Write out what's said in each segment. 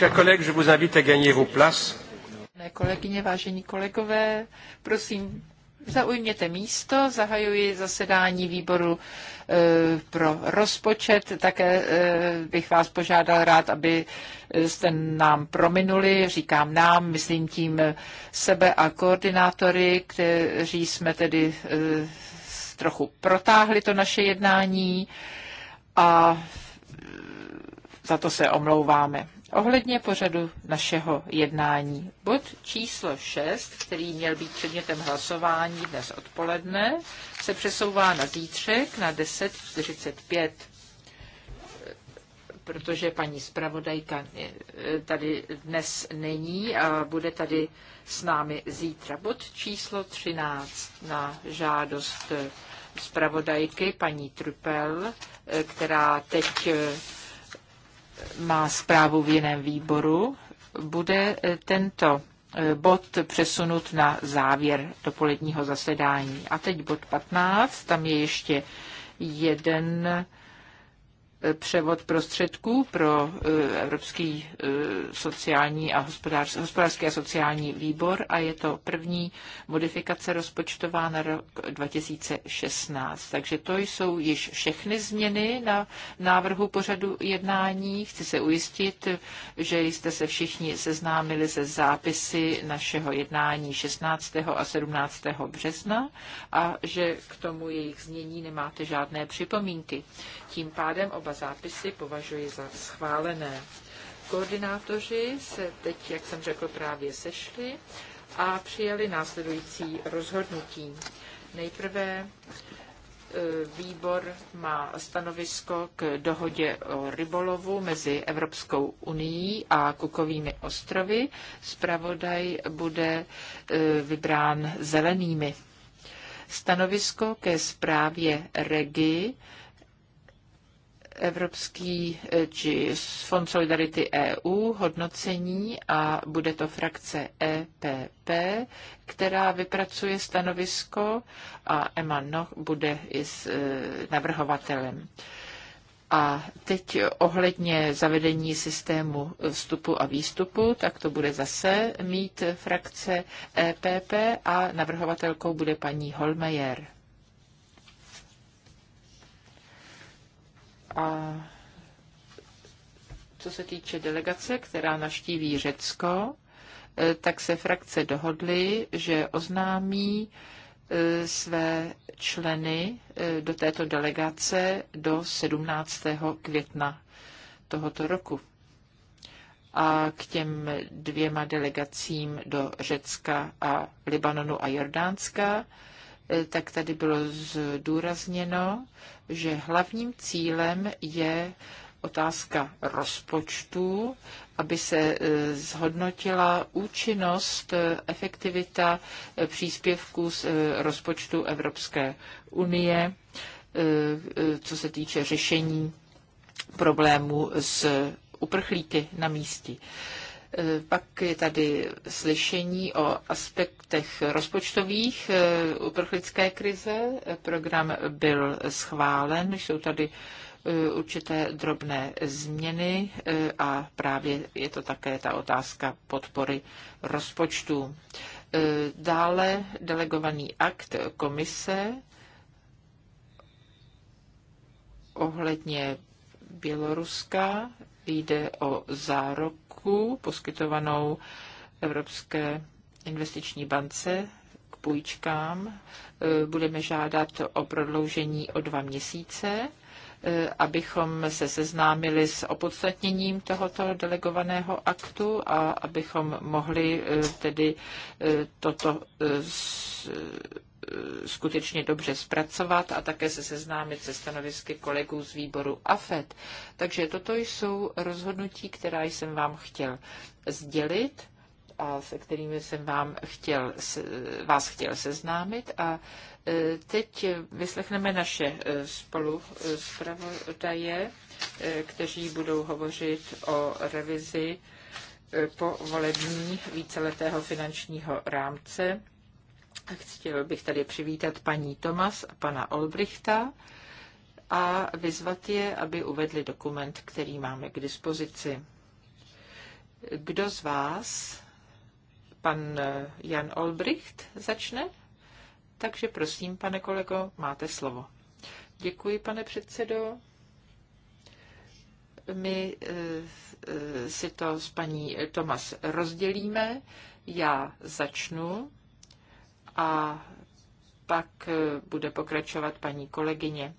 Chers Kolegyně, vážení kolegové, prosím, zaujměte místo. Zahajuji zasedání výboru e, pro rozpočet. Také e, bych vás požádal rád, aby e, jste nám prominuli, říkám nám, myslím tím sebe a koordinátory, kteří jsme tedy trochu protáhli to naše jednání a za to se omlouváme. Ohledně pořadu našeho jednání, bod číslo 6, který měl být předmětem hlasování dnes odpoledne, se přesouvá na zítřek na 10.45, protože paní zpravodajka eh, tady dnes není a bude tady s námi zítra. Bod číslo 13 na žádost eh, zpravodajky paní Trupel, eh, která teď má zprávu v jiném výboru, bude eh, tento eh, bod přesunut na závěr dopoledního zasedání. A teď bod 15, tam je ještě jeden převod prostředků pro e, Evropský e, sociální a hospodářský a sociální výbor a je to první modifikace rozpočtová na rok 2016. Takže to jsou již všechny změny na návrhu pořadu jednání. Chci se ujistit, že jste se všichni seznámili se zápisy našeho jednání 16. a 17. března a že k tomu jejich znění nemáte žádné připomínky. Tím pádem oba oba zápisy považuji za schválené. Koordinátoři se teď, jak jsem řekl, právě sešli a přijali následující rozhodnutí. Nejprve e, výbor má stanovisko k dohodě o rybolovu mezi Evropskou unii a Kukovými ostrovy. Spravodaj bude e, vybrán zelenými. Stanovisko ke zprávě REGI Evropský eh, či Fond Solidarity EU hodnocení a bude to frakce EPP, která vypracuje stanovisko a Emma Noch bude i s eh, navrhovatelem. A teď ohledně zavedení systému vstupu a výstupu, tak to bude zase mít frakce EPP a navrhovatelkou bude paní Holmeyer. A co se týče delegace, která naštíví Řecko, eh, tak se frakce dohodly, že oznámí eh, své členy eh, do této delegace do 17. května tohoto roku. A k těm dvěma delegacím do Řecka a Libanonu a Jordánska, tak tady bylo zdůrazněno, že hlavním cílem je otázka rozpočtu, aby se e, zhodnotila účinnost, e, efektivita e, příspěvků z rozpočtu Evropské unie, co se týče řešení problémů s uprchlíky na místě. Eh, pak je tady slyšení o aspektech rozpočtových eh, uprchlické krize. Eh, program byl schválen, jsou tady určité drobné změny a právě je to také ta otázka podpory rozpočtu. Dále delegovaný akt komise ohledně Běloruska jde o zárok půjčku poskytovanou Evropské investiční bance k půjčkám. E, budeme žádat o prodloužení o dva měsíce E, abychom se seznámili s opodstatněním tohoto delegovaného aktu a abychom mohli e, tedy e, toto skutečně dobře zpracovat a také se seznámit se stanovisky kolegů z výboru AFET. Takže toto jsou rozhodnutí, která jsem vám chtěl sdělit a se kterými jsem vám chtěl, vás chtěl seznámit a E, teď vyslechneme naše e, spolu zpravodaje, e, kteří budou hovořit o revizi volební víceletého finančního rámce. Chtěl bych tady přivítat paní Tomas a pana Olbrichta a vyzvat je, aby uvedli dokument, který máme k dispozici. Kdo z vás, pan Jan Olbricht, začne? Takže prosím, pane kolego, máte slovo. Děkuji, pane předsedo. My eh, eh, si to s paní Tomas rozdělíme. Já začnu a pak eh, bude pokračovat paní kolegyně.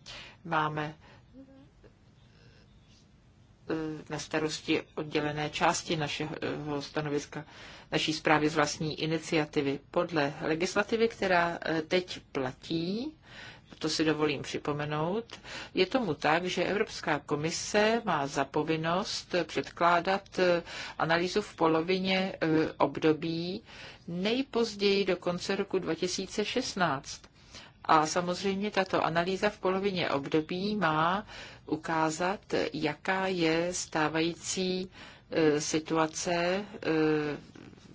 Máme na starosti oddělené části našeho stanoviska naší zprávy z vlastní iniciativy. Podle legislativy, která eh, teď platí, to si dovolím připomenout, je tomu tak, že Evropská komise má povinnost předkládat eh, analýzu v polovině eh, období nejpozději do konce roku 2016. A samozřejmě tato analýza v polovině období má ukázat, jaká je stávající situace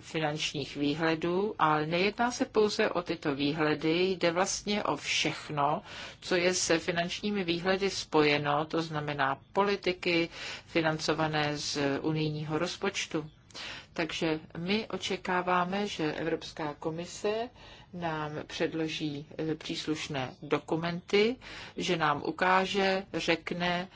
finančních výhledů, ale nejedná se pouze o tyto výhledy, jde vlastně o všechno, co je se finančními výhledy spojeno, to znamená politiky financované z unijního rozpočtu. Takže my očekáváme, že Evropská komise nám předloží e, příslušné dokumenty, že nám ukáže, řekne,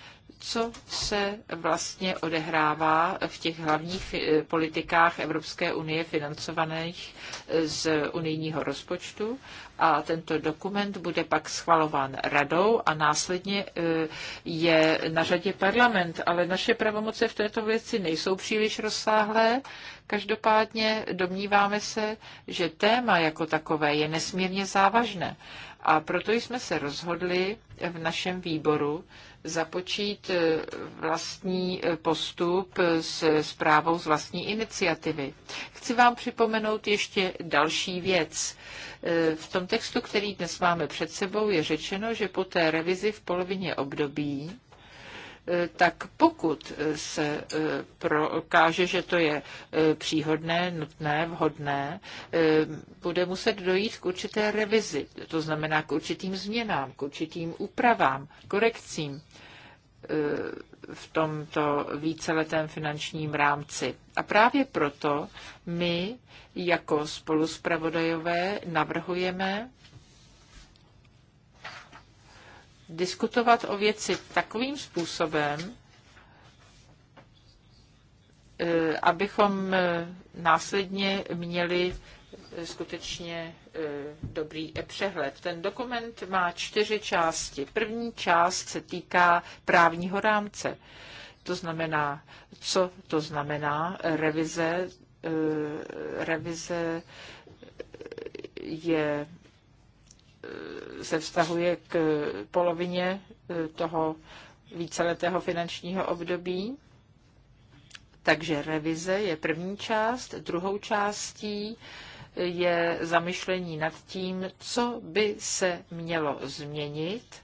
co se vlastně odehrává v těch hlavních politikách Evropské unie financovaných eh, z unijního rozpočtu a tento dokument bude pak schvalován radou a následně eh, je na řadě parlament, ale naše pravomoce v této věci nejsou příliš rozsáhlé. Každopádně domníváme se, že téma jako takové je nesmírně závažné a proto jsme se rozhodli v našem výboru, započít eh, vlastní eh, postup eh, s zprávou z vlastní iniciativy. Chci vám připomenout ještě další věc. V tom textu, který dnes máme před sebou, je řečeno, že po té revizi v polovině období tak pokud se eh, prokáže, že to je eh, příhodné, nutné, vhodné, eh, bude muset dojít k určité revizi, to znamená k určitým změnám, k určitým úpravám, korekcím v tomto víceletém finančním rámci. A právě proto my jako spoluspravodajové navrhujeme diskutovat o věci takovým způsobem, eh, abychom eh, následně měli eh, skutečně dobrý přehled. Ten dokument má čtyři části. První část se týká právního rámce. To znamená, co to znamená revize. Revize je E, se vztahuje k polovině e, toho víceletého finančního období. Takže revize je první část, druhou částí je zamyšlení nad tím, co by se mělo změnit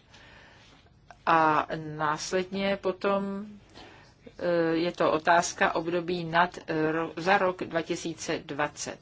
a následně potom e, je to otázka období nad, za rok 2020.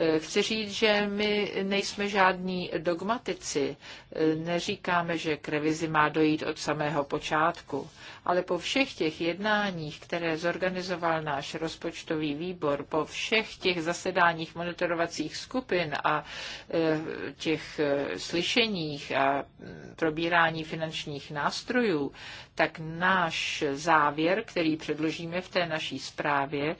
Eh, chci říct, že my nejsme žádní dogmatici. Eh, neříkáme, že k revizi má dojít od samého počátku. Ale po všech těch jednáních, které zorganizoval náš rozpočtový výbor, po všech těch zasedáních monitorovacích skupin a eh, těch slyšeních a mm, probírání finančních nástrojů, tak náš závěr, který předložíme v té naší zprávě,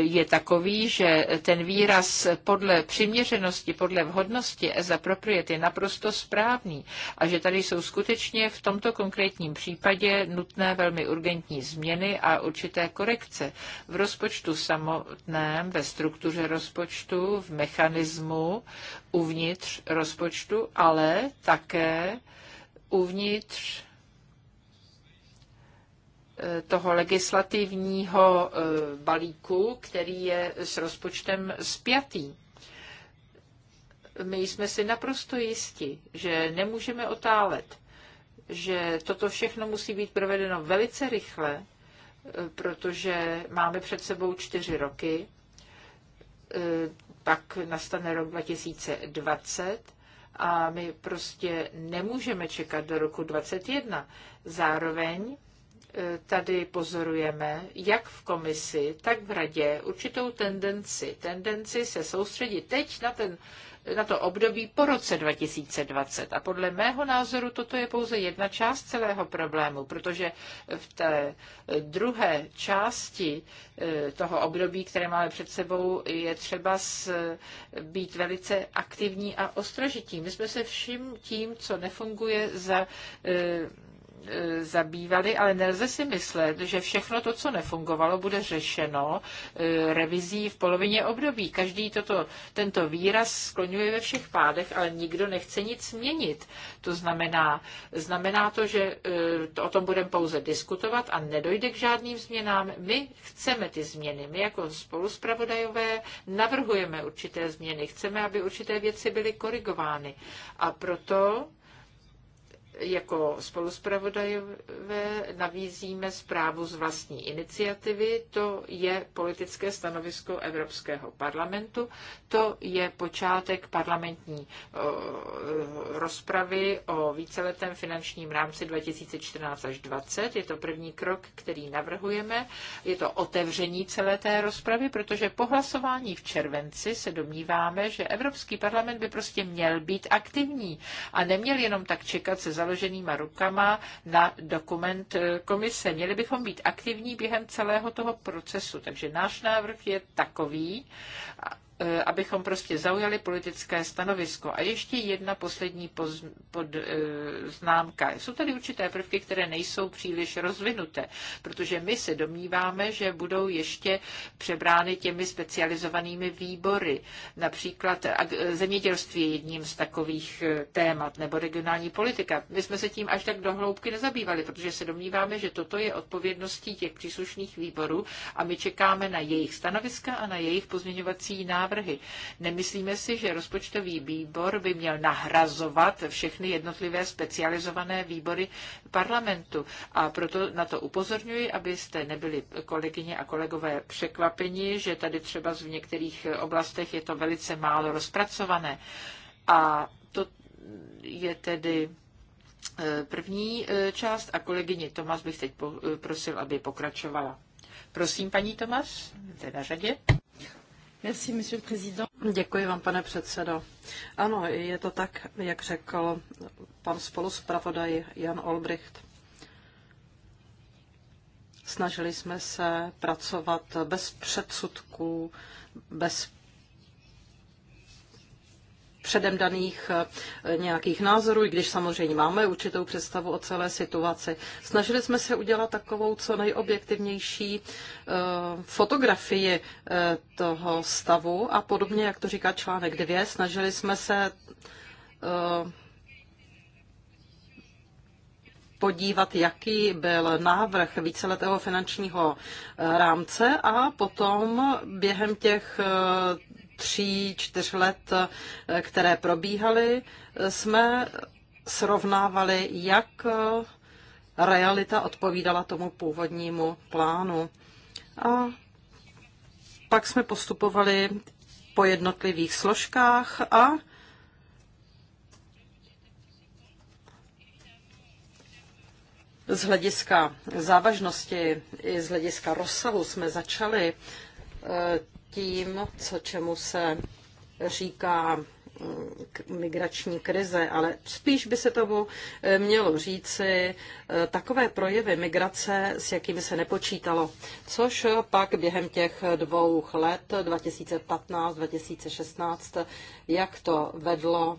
je takový, že ten výraz podle přiměřenosti, podle vhodnosti as appropriate je naprosto správný a že tady jsou skutečně v tomto konkrétním případě nutné velmi urgentní změny a určité korekce v rozpočtu samotném, ve struktuře rozpočtu, v mechanismu uvnitř rozpočtu, ale také uvnitř toho legislativního e, balíku, který je s rozpočtem spjatý. My jsme si naprosto jisti, že nemůžeme otálet, že toto všechno musí být provedeno velice rychle, e, protože máme před sebou čtyři roky, e, pak nastane rok 2020 a my prostě nemůžeme čekat do roku 2021. Zároveň Eh, tady pozorujeme, jak v komisi, tak v radě, určitou tendenci. Tendenci se soustředit teď na, ten, na to období po roce 2020. A podle mého názoru toto je pouze jedna část celého problému, protože v té druhé části eh, toho období, které máme před sebou, je třeba s, být velice aktivní a ostražití. My jsme se vším tím, co nefunguje, za eh, E, zabývali, ale nelze si myslet, že všechno to, co nefungovalo, bude řešeno e, revizí v polovině období. Každý toto, tento výraz skloňuje ve všech pádech, ale nikdo nechce nic měnit. To znamená, znamená to, že e, o tom budeme pouze diskutovat a nedojde k žádným změnám. My chceme ty změny. My jako spoluspravodajové navrhujeme určité změny. Chceme, aby určité věci byly korigovány. A proto jako spoluspravodajové navízíme zprávu z vlastní iniciativy. To je politické stanovisko Evropského parlamentu. To je počátek parlamentní rozpravy o víceletém finančním rámci 2014 až 2020. Je to první krok, který navrhujeme. Je to otevření celé té rozpravy, protože po hlasování v červenci se domníváme, že Evropský parlament by prostě měl být aktivní a neměl jenom tak čekat se založením založenýma rukama na dokument eh, komise. Měli bychom být aktivní během celého toho procesu. Takže náš návrh je takový, Eh, abychom prostě zaujali politické stanovisko. A ještě jedna poslední poz, pod, eh, známka. Jsou tady určité prvky, které nejsou příliš rozvinuté, protože my se domníváme, že budou ještě přebrány těmi specializovanými výbory. Například eh, zemědělství je jedním z takových témat, nebo regionální politika. My jsme se tím až tak dohloubky nezabývali, protože se domníváme, že toto je odpovědností těch příslušných výborů a my čekáme na jejich stanoviska a na jejich pozměňovací návrhy návrhy. Nemyslíme si, že rozpočtový výbor by měl nahrazovat všechny jednotlivé specializované výbory parlamentu. A proto na to upozorňuji, abyste nebyli kolegyně a kolegové překvapeni, že tady třeba v některých oblastech je to velice málo rozpracované. A to je tedy e, první e, část a kolegyně Tomas bych teď e, prosil, aby pokračovala. Prosím, paní Tomas, jste na řadě. Děkuji vám, pane předsedo. Ano, je to tak, jak řekl pan spoluspravodaj Jan Olbricht. Snažili jsme se pracovat bez předsudků, bez předem daných eh, nějakých názorů, i když samozřejmě máme určitou představu o celé situaci. Snažili jsme se udělat takovou co nejobjektivnější eh, fotografii eh, toho stavu a podobně, jak to říká článek 2, snažili jsme se podívat, jaký byl návrh víceletého finančního rámce a potom během těch tří, čtyř let, které probíhaly, jsme srovnávali, jak realita odpovídala tomu původnímu plánu. A pak jsme postupovali po jednotlivých složkách a z hlediska závažnosti i z hlediska rozsahu jsme začali eh, tím, co čemu se říká mm, migrační krize, ale spíš by se tomu eh, mělo říci eh, takové projevy migrace, s jakými se nepočítalo, což pak během těch dvou let 2015-2016, jak to vedlo eh,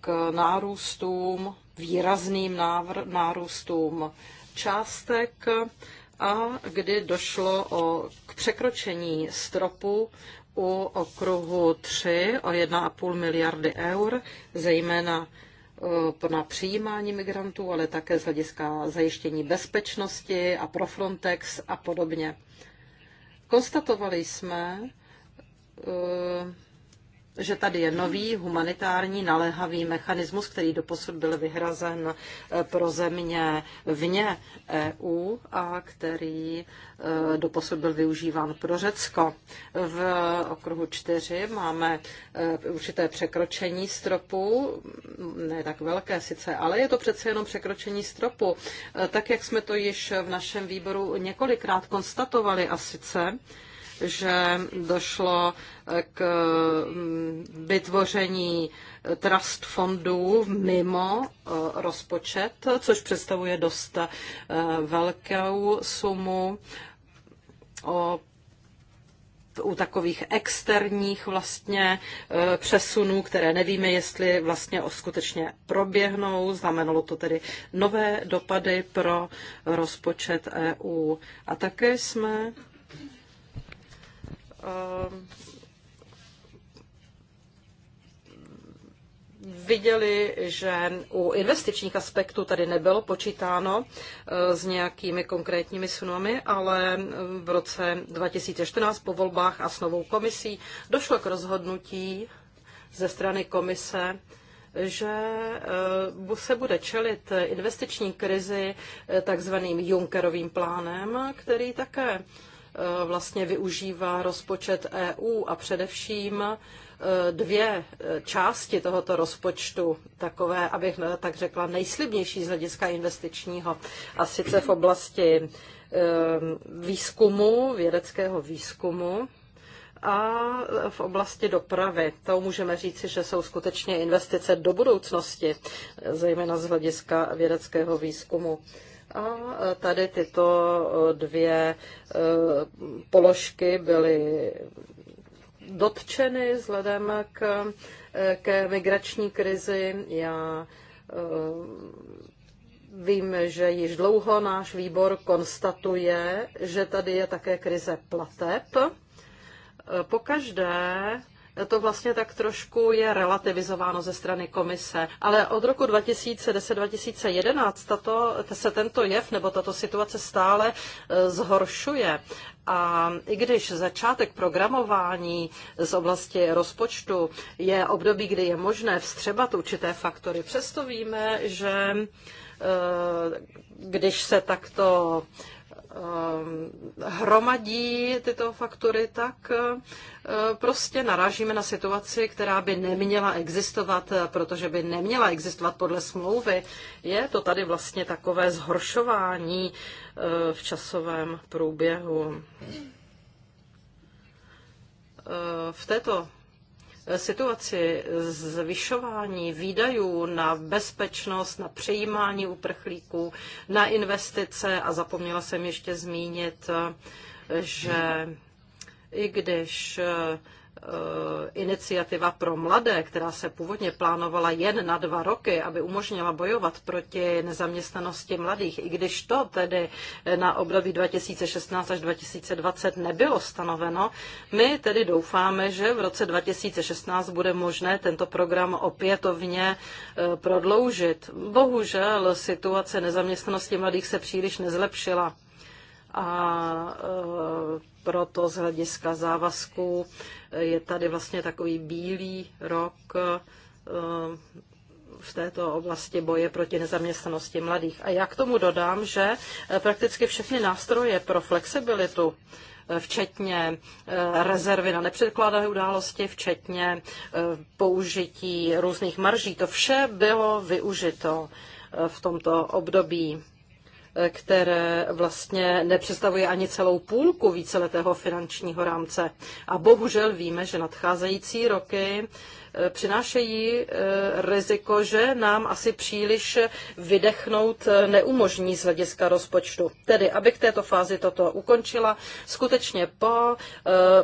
k nárůstům, výrazným návr- nárůstům částek a kdy došlo o, k překročení stropu u okruhu 3 o 1,5 miliardy eur, zejména eh, na přijímání migrantů, ale také z hlediska zajištění bezpečnosti a pro Frontex a podobně. Konstatovali jsme, eh, že tady je nový humanitární naléhavý mechanismus, který doposud byl vyhrazen eh, pro země vně EU a který eh, doposud byl využíván pro Řecko. V okruhu 4 máme eh, určité překročení stropu, ne tak velké sice, ale je to přece jenom překročení stropu, tak jak jsme to již v našem výboru několikrát konstatovali a sice, že došlo eh, k mm, vytvoření eh, trust fondů mimo eh, rozpočet, což představuje dost velkou sumu o u takových externích vlastně přesunů, které nevíme, jestli vlastně skutečně proběhnou. Znamenalo to tedy nové dopady pro rozpočet EU. A také jsme Ehm, viděli, že u investičních aspektů tady nebylo počítáno ehm, s nějakými konkrétními sunami, ale ehm, v roce 2014 po volbách a s novou komisí došlo k rozhodnutí ze strany komise, že se bude čelit investiční krizi takzvaným Junckerovým plánem, který také Eh, vlastně využívá rozpočet EU a především eh, dvě eh, části tohoto rozpočtu, takové, abych tak řekla, nejslibnější z hlediska investičního, a sice v oblasti výzkumu, vědeckého výzkumu a v oblasti dopravy. To můžeme říci, že jsou skutečně investice do budoucnosti, zejména z hlediska vědeckého výzkumu. A tady tyto dvě e, položky byly dotčeny vzhledem k, e, k migrační krizi. Já e, Vím, že již dlouho náš výbor konstatuje, že tady je také krize plateb. Pokaždé to vlastně tak trošku je relativizováno ze strany komise. Ale od roku 2010-2011 tato, se tento jev nebo tato situace stále e, zhoršuje. A i když začátek programování z oblasti rozpočtu je období, kdy je možné vstřebat určité faktory, přesto víme, že e, když se takto Eh, hromadí tyto faktory tak eh, prostě narážíme na situaci, která by neměla existovat, protože by neměla existovat podle smlouvy. Je to tady vlastně takové zhoršování eh, v časovém průběhu. V této situaci zvyšování výdajů na bezpečnost, na přejímání uprchlíků, na investice a zapomněla jsem ještě zmínit, že i když Eh, iniciativa pro mladé, která se původně plánovala jen na dva roky, aby umožnila bojovat proti nezaměstnanosti mladých, i když to tedy na období 2016 až 2020 nebylo stanoveno, my tedy doufáme, že v roce 2016 bude možné tento program opětovně eh, prodloužit. Bohužel situace nezaměstnanosti mladých se příliš nezlepšila a e, proto z hlediska závazků je tady vlastně takový bílý rok e, v této oblasti boje proti nezaměstnanosti mladých. A já k tomu dodám, že e, prakticky všechny nástroje pro flexibilitu včetně rezervy na nepředkládané události, včetně použití různých marží. To vše bylo využito v tomto období které vlastně nepředstavuje ani celou půlku víceletého finančního rámce. A bohužel víme, že nadcházející roky Eh, přinášejí eh, riziko, že nám asi příliš vydechnout eh, neumožní z hlediska rozpočtu. Tedy, abych této fázi toto ukončila, skutečně po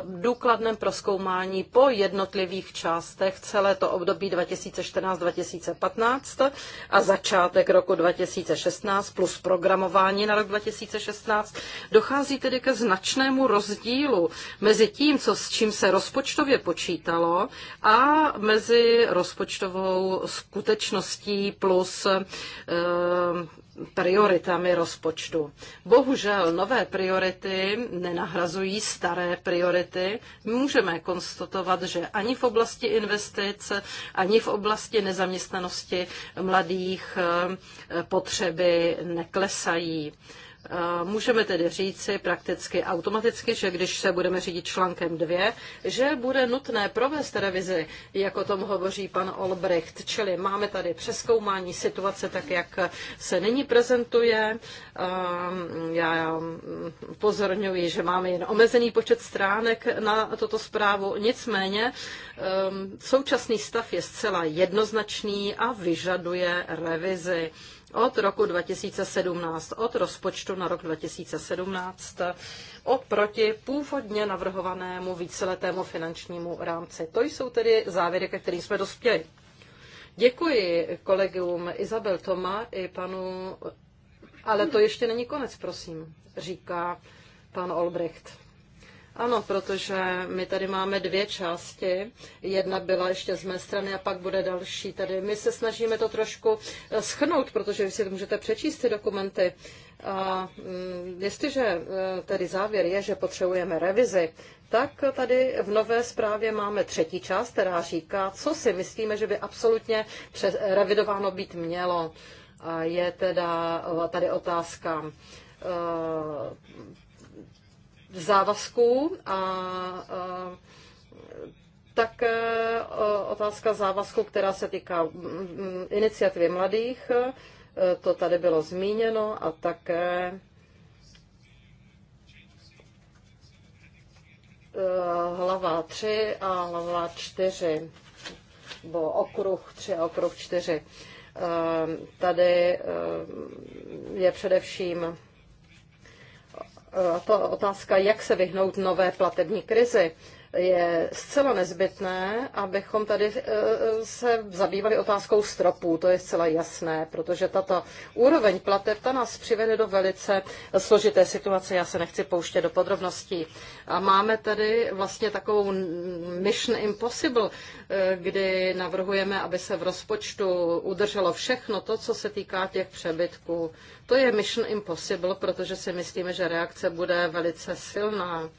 důkladném proskoumání po jednotlivých částech celé to období 2014-2015 a začátek roku 2016 plus programování na rok 2016, dochází tedy ke značnému rozdílu mezi tím, co s čím se rozpočtově počítalo a mezi rozpočtovou skutečností plus e, prioritami rozpočtu. Bohužel nové priority nenahrazují staré priority. Můžeme konstatovat, že ani v oblasti investic, ani v oblasti nezaměstnanosti mladých eh, potřeby neklesají. Eh, můžeme tedy říci prakticky automaticky, že když se budeme řídit článkem 2, že bude nutné provést revizi, jak o tom hovoří pan Olbricht. Čili máme tady přeskoumání situace tak, jak se nyní prezentuje. Eh, já pozorňuji, že máme jen omezený počet stránek na toto zprávu. Nicméně eh, současný stav je zcela jednoznačný a vyžaduje revizi od roku 2017, od rozpočtu na rok 2017 oproti původně navrhovanému víceletému finančnímu rámci. To jsou tedy závěry, ke kterým jsme dospěli. Děkuji kolegům Izabel Toma i panu... Ale to ještě není konec, prosím, říká pan Olbrecht. Ano, protože my tady máme dvě části. Jedna byla ještě z mé strany a pak bude další. Tady my se snažíme to trošku eh, schnout, protože vy si to můžete přečíst ty dokumenty. A mm, jestliže eh, tedy závěr je, že potřebujeme revizi, tak tady v nové zprávě máme třetí část, která říká, co si myslíme, že by absolutně revidováno být mělo. A je teda eh, tady otázka závazků a, a tak e, otázka závazku, která se týká iniciativy mladých, e, to tady bylo zmíněno a také e, hlava 3 a hlava 4, bo okruh 3 a okruh 4. Tady je především Eh, ta otázka, jak se vyhnout nové platební krizi je zcela nezbytné, abychom tady eh, se zabývali otázkou stropů, to je zcela jasné, protože tato úroveň plateb, ta nás přivede do velice složité situace, já se nechci pouštět do podrobností. A máme tady vlastně takovou mission impossible, eh, kdy navrhujeme, aby se v rozpočtu udrželo všechno to, co se týká těch přebytků. To je mission impossible, protože si myslíme, že reakce bude velice silná.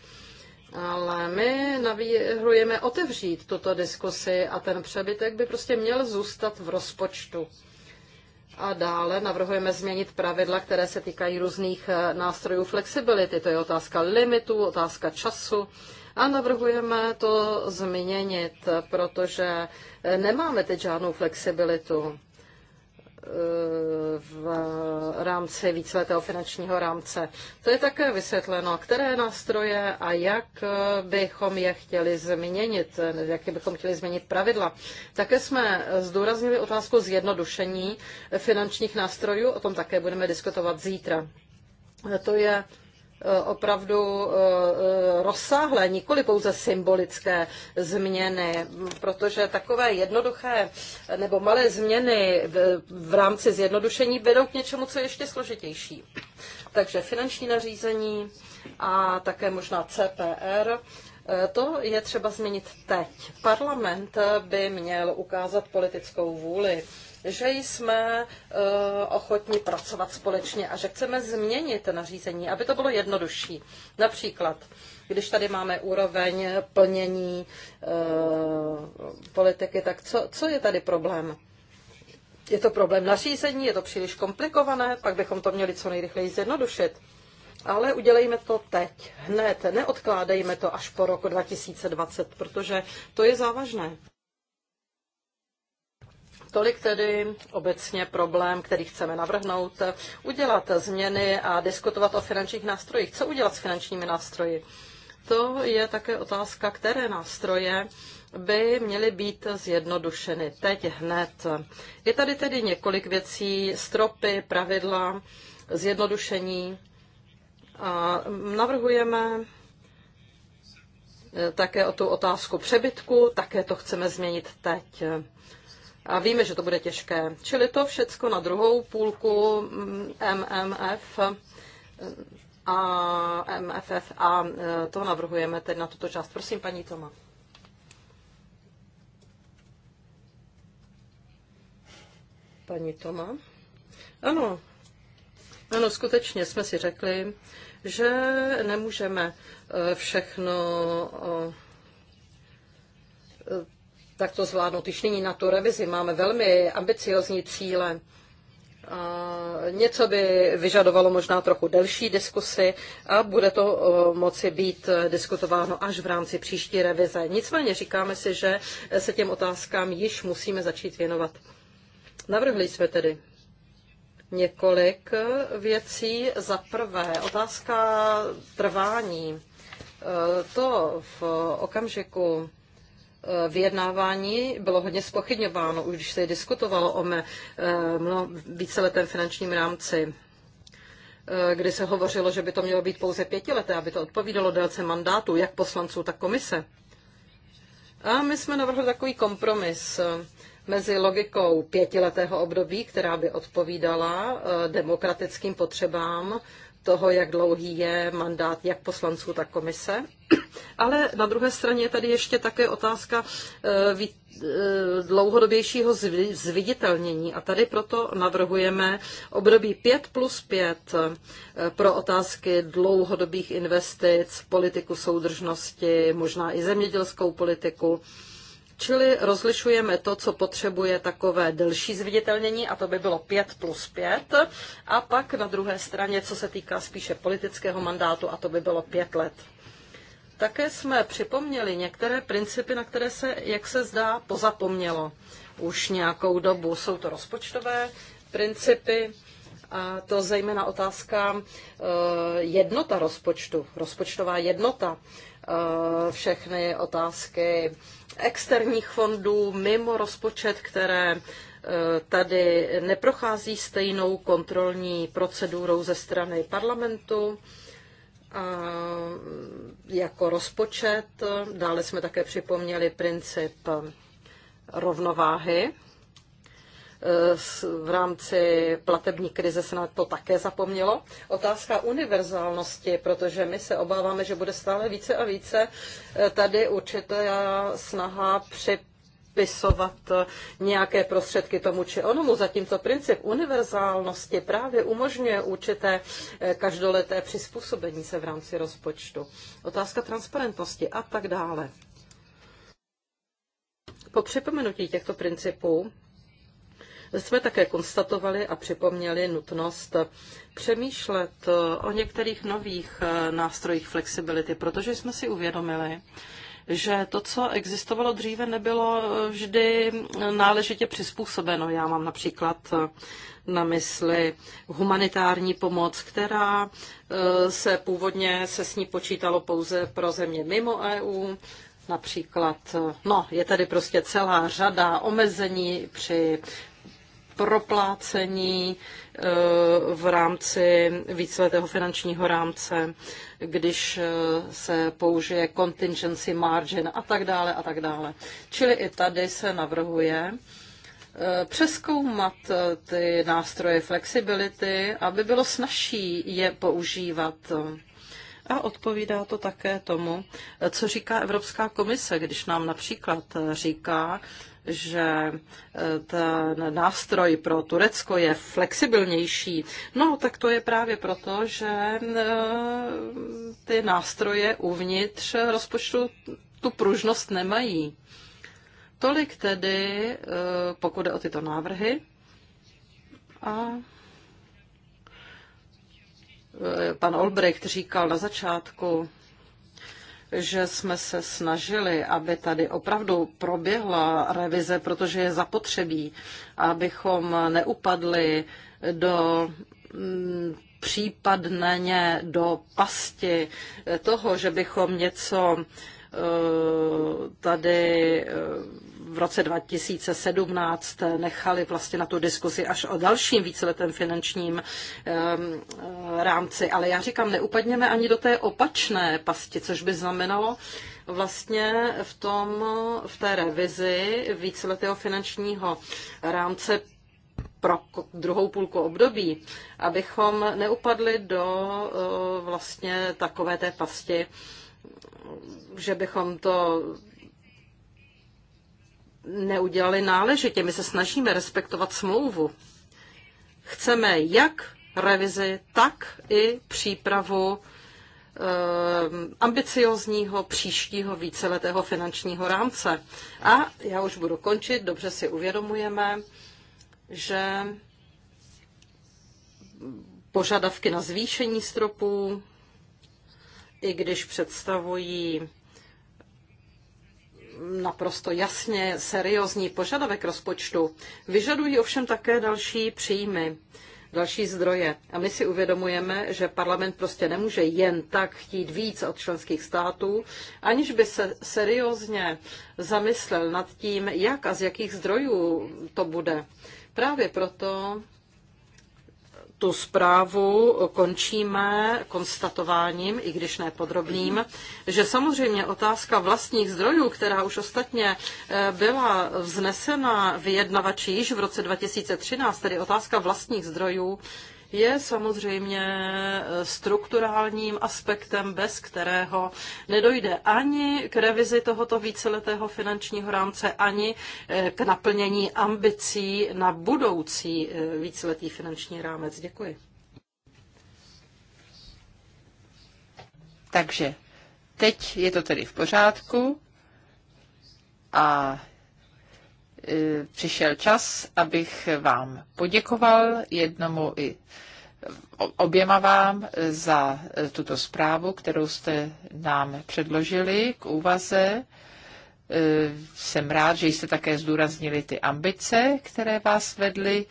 Ale my navrhujeme otevřít tuto diskusi a ten přebytek by prostě měl zůstat v rozpočtu. A dále navrhujeme změnit pravidla, které se týkají různých eh, nástrojů flexibility. To je otázka limitů, otázka času. A navrhujeme to změnit, protože eh, nemáme teď žádnou flexibilitu v rámci víceletého finančního rámce. To je také vysvětleno, které nástroje a jak bychom je chtěli změnit, jak bychom chtěli změnit pravidla. Také jsme zdůraznili otázku zjednodušení finančních nástrojů, o tom také budeme diskutovat zítra. To je E, opravdu e, e, rozsáhlé, nikoli pouze symbolické změny, protože takové jednoduché nebo malé změny v, rámci zjednodušení vedou k něčemu, co je ještě složitější. Takže finanční nařízení a také možná CPR. To je třeba změnit teď. Parlament by měl ukázat politickou vůli že jsme eh, ochotní pracovat společně a že chceme změnit nařízení, aby to bylo jednodušší. Například, když tady máme úroveň plnění eh, politiky, tak co, co je tady problém? Je to problém nařízení, je to příliš komplikované, pak bychom to měli co nejrychleji zjednodušit. Ale udělejme to teď, hned, neodkládejme to až po roku 2020, protože to je závažné. Tolik tedy obecně problém, který chceme navrhnout, udělat změny a diskutovat o finančních nástrojích. Co udělat s finančními nástroji? To je také otázka, které nástroje by měly být zjednodušeny teď hned. Je tady tedy několik věcí, stropy, pravidla, zjednodušení. A navrhujeme eh, také o tu otázku přebytku, také to chceme změnit teď. A víme, že to bude těžké. Čili to všecko na druhou půlku MMF a MFF a to navrhujeme teď na tuto část. Prosím, paní Toma. Paní Toma. Ano, ano, skutečně jsme si řekli, že nemůžeme eh, všechno eh, tak to zvládnout. Když nyní na tu revizi máme velmi ambiciozní cíle. A něco by vyžadovalo možná trochu delší diskusy a bude to moci být diskutováno až v rámci příští revize. Nicméně říkáme si, že se těm otázkám již musíme začít věnovat. Navrhli jsme tedy několik věcí. Za prvé, otázka trvání. E, to v okamžiku Eh, vyjednávání bylo hodně spochybňováno, už když se diskutovalo o eh, mno, víceletém finančním rámci eh, kdy se hovořilo, že by to mělo být pouze pětileté, aby to odpovídalo délce mandátu, jak poslanců, tak komise. A my jsme navrhli takový kompromis mezi logikou pětiletého období, která by odpovídala demokratickým potřebám toho, jak dlouhý je mandát jak poslanců, tak komise. Ale na druhé straně je tady ještě také otázka eh, eh, dlouhodobějšího zviditelnění. A tady proto navrhujeme období 5 plus 5 eh, pro otázky dlouhodobých investic, politiku soudržnosti, možná i zemědělskou politiku. Čili rozlišujeme to, co potřebuje takové delší zviditelnění, a to by bylo 5 plus 5. A pak na druhé straně, co se týká spíše politického mandátu, a to by bylo 5 let. Také jsme připomněli některé principy, na které se, jak se zdá, pozapomnělo už nějakou dobu. Jsou to rozpočtové principy, a to zejména otázka eh, jednota rozpočtu, rozpočtová jednota. Eh, všechny otázky externích fondů mimo rozpočet, které eh, tady neprochází stejnou kontrolní procedurou ze strany parlamentu jako rozpočet. Dále jsme také připomněli princip rovnováhy Eh, v rámci platební krize se na to také zapomnělo. Otázka univerzálnosti, protože my se obáváme, že bude stále více a více eh, tady určitá snaha při vypisovat nějaké prostředky tomu či onomu. Zatímco princip univerzálnosti právě umožňuje určité eh, každoleté přizpůsobení se v rámci rozpočtu. Otázka transparentnosti a tak dále. Po připomenutí těchto principů jsme také konstatovali a připomněli nutnost přemýšlet o některých nových eh, nástrojích flexibility, protože jsme si uvědomili, že to, co existovalo dříve, nebylo eh, vždy náležitě přizpůsobeno. Já mám například eh, na mysli humanitární pomoc, která se původně se s ní počítalo pouze pro země mimo EU. Například, no, je tady prostě celá řada omezení při proplácení eh, v rámci víceletého finančního rámce, když eh, se použije contingency margin a tak dále a tak dále. Čili i tady se navrhuje eh, přeskoumat ty nástroje flexibility, aby bylo snažší je používat. A odpovídá to také tomu, co říká Evropská komise, když nám například říká, že eh, ten nástroj pro Turecko je flexibilnější. No, tak to je právě proto, že eh, ty nástroje uvnitř rozpočtu tu pružnost nemají. Tolik tedy, eh, pokud jde o tyto návrhy. A pan Olbrecht říkal na začátku, že jsme se snažili, aby tady opravdu proběhla revize, protože je zapotřebí, abychom neupadli do mm, případně do pasti toho, že bychom něco eh, tady eh, v roce 2017 nechali vlastně na tu diskusi až o dalším víceletém finančním ehm, eh, rámci. Ale já říkám, neupadněme ani do té opačné pasti, což by znamenalo, vlastně v, tom, v té revizi víceletého finančního rámce pro druhou půlku období, abychom neupadli do eh, vlastně takové té pasti, že bychom to neudělali náležitě. My se snažíme respektovat smlouvu. Chceme jak revizi, tak i přípravu eh, ambiciozního příštího víceletého finančního rámce. A já už budu končit, dobře si uvědomujeme, že požadavky na zvýšení stropů, i když představují naprosto jasně seriózní požadavek rozpočtu, vyžadují ovšem také další příjmy, další zdroje. A my si uvědomujeme, že parlament prostě nemůže jen tak chtít víc od členských států, aniž by se seriózně zamyslel nad tím, jak a z jakých zdrojů to bude. Právě proto tu zprávu končíme konstatováním, i když ne podrobným, že samozřejmě otázka vlastních zdrojů, která už ostatně eh, byla vznesena vyjednavači již v roce 2013, tedy otázka vlastních zdrojů, je samozřejmě eh, strukturálním aspektem, bez kterého nedojde ani k revizi tohoto víceletého finančního rámce, ani eh, k naplnění ambicí na budoucí eh, víceletý finanční rámec. Děkuji. Takže teď je to tedy v pořádku a přišel čas, abych vám poděkoval jednomu i oběma vám za tuto zprávu, kterou jste nám předložili k úvaze. Jsem rád, že jste také zdůraznili ty ambice, které vás vedly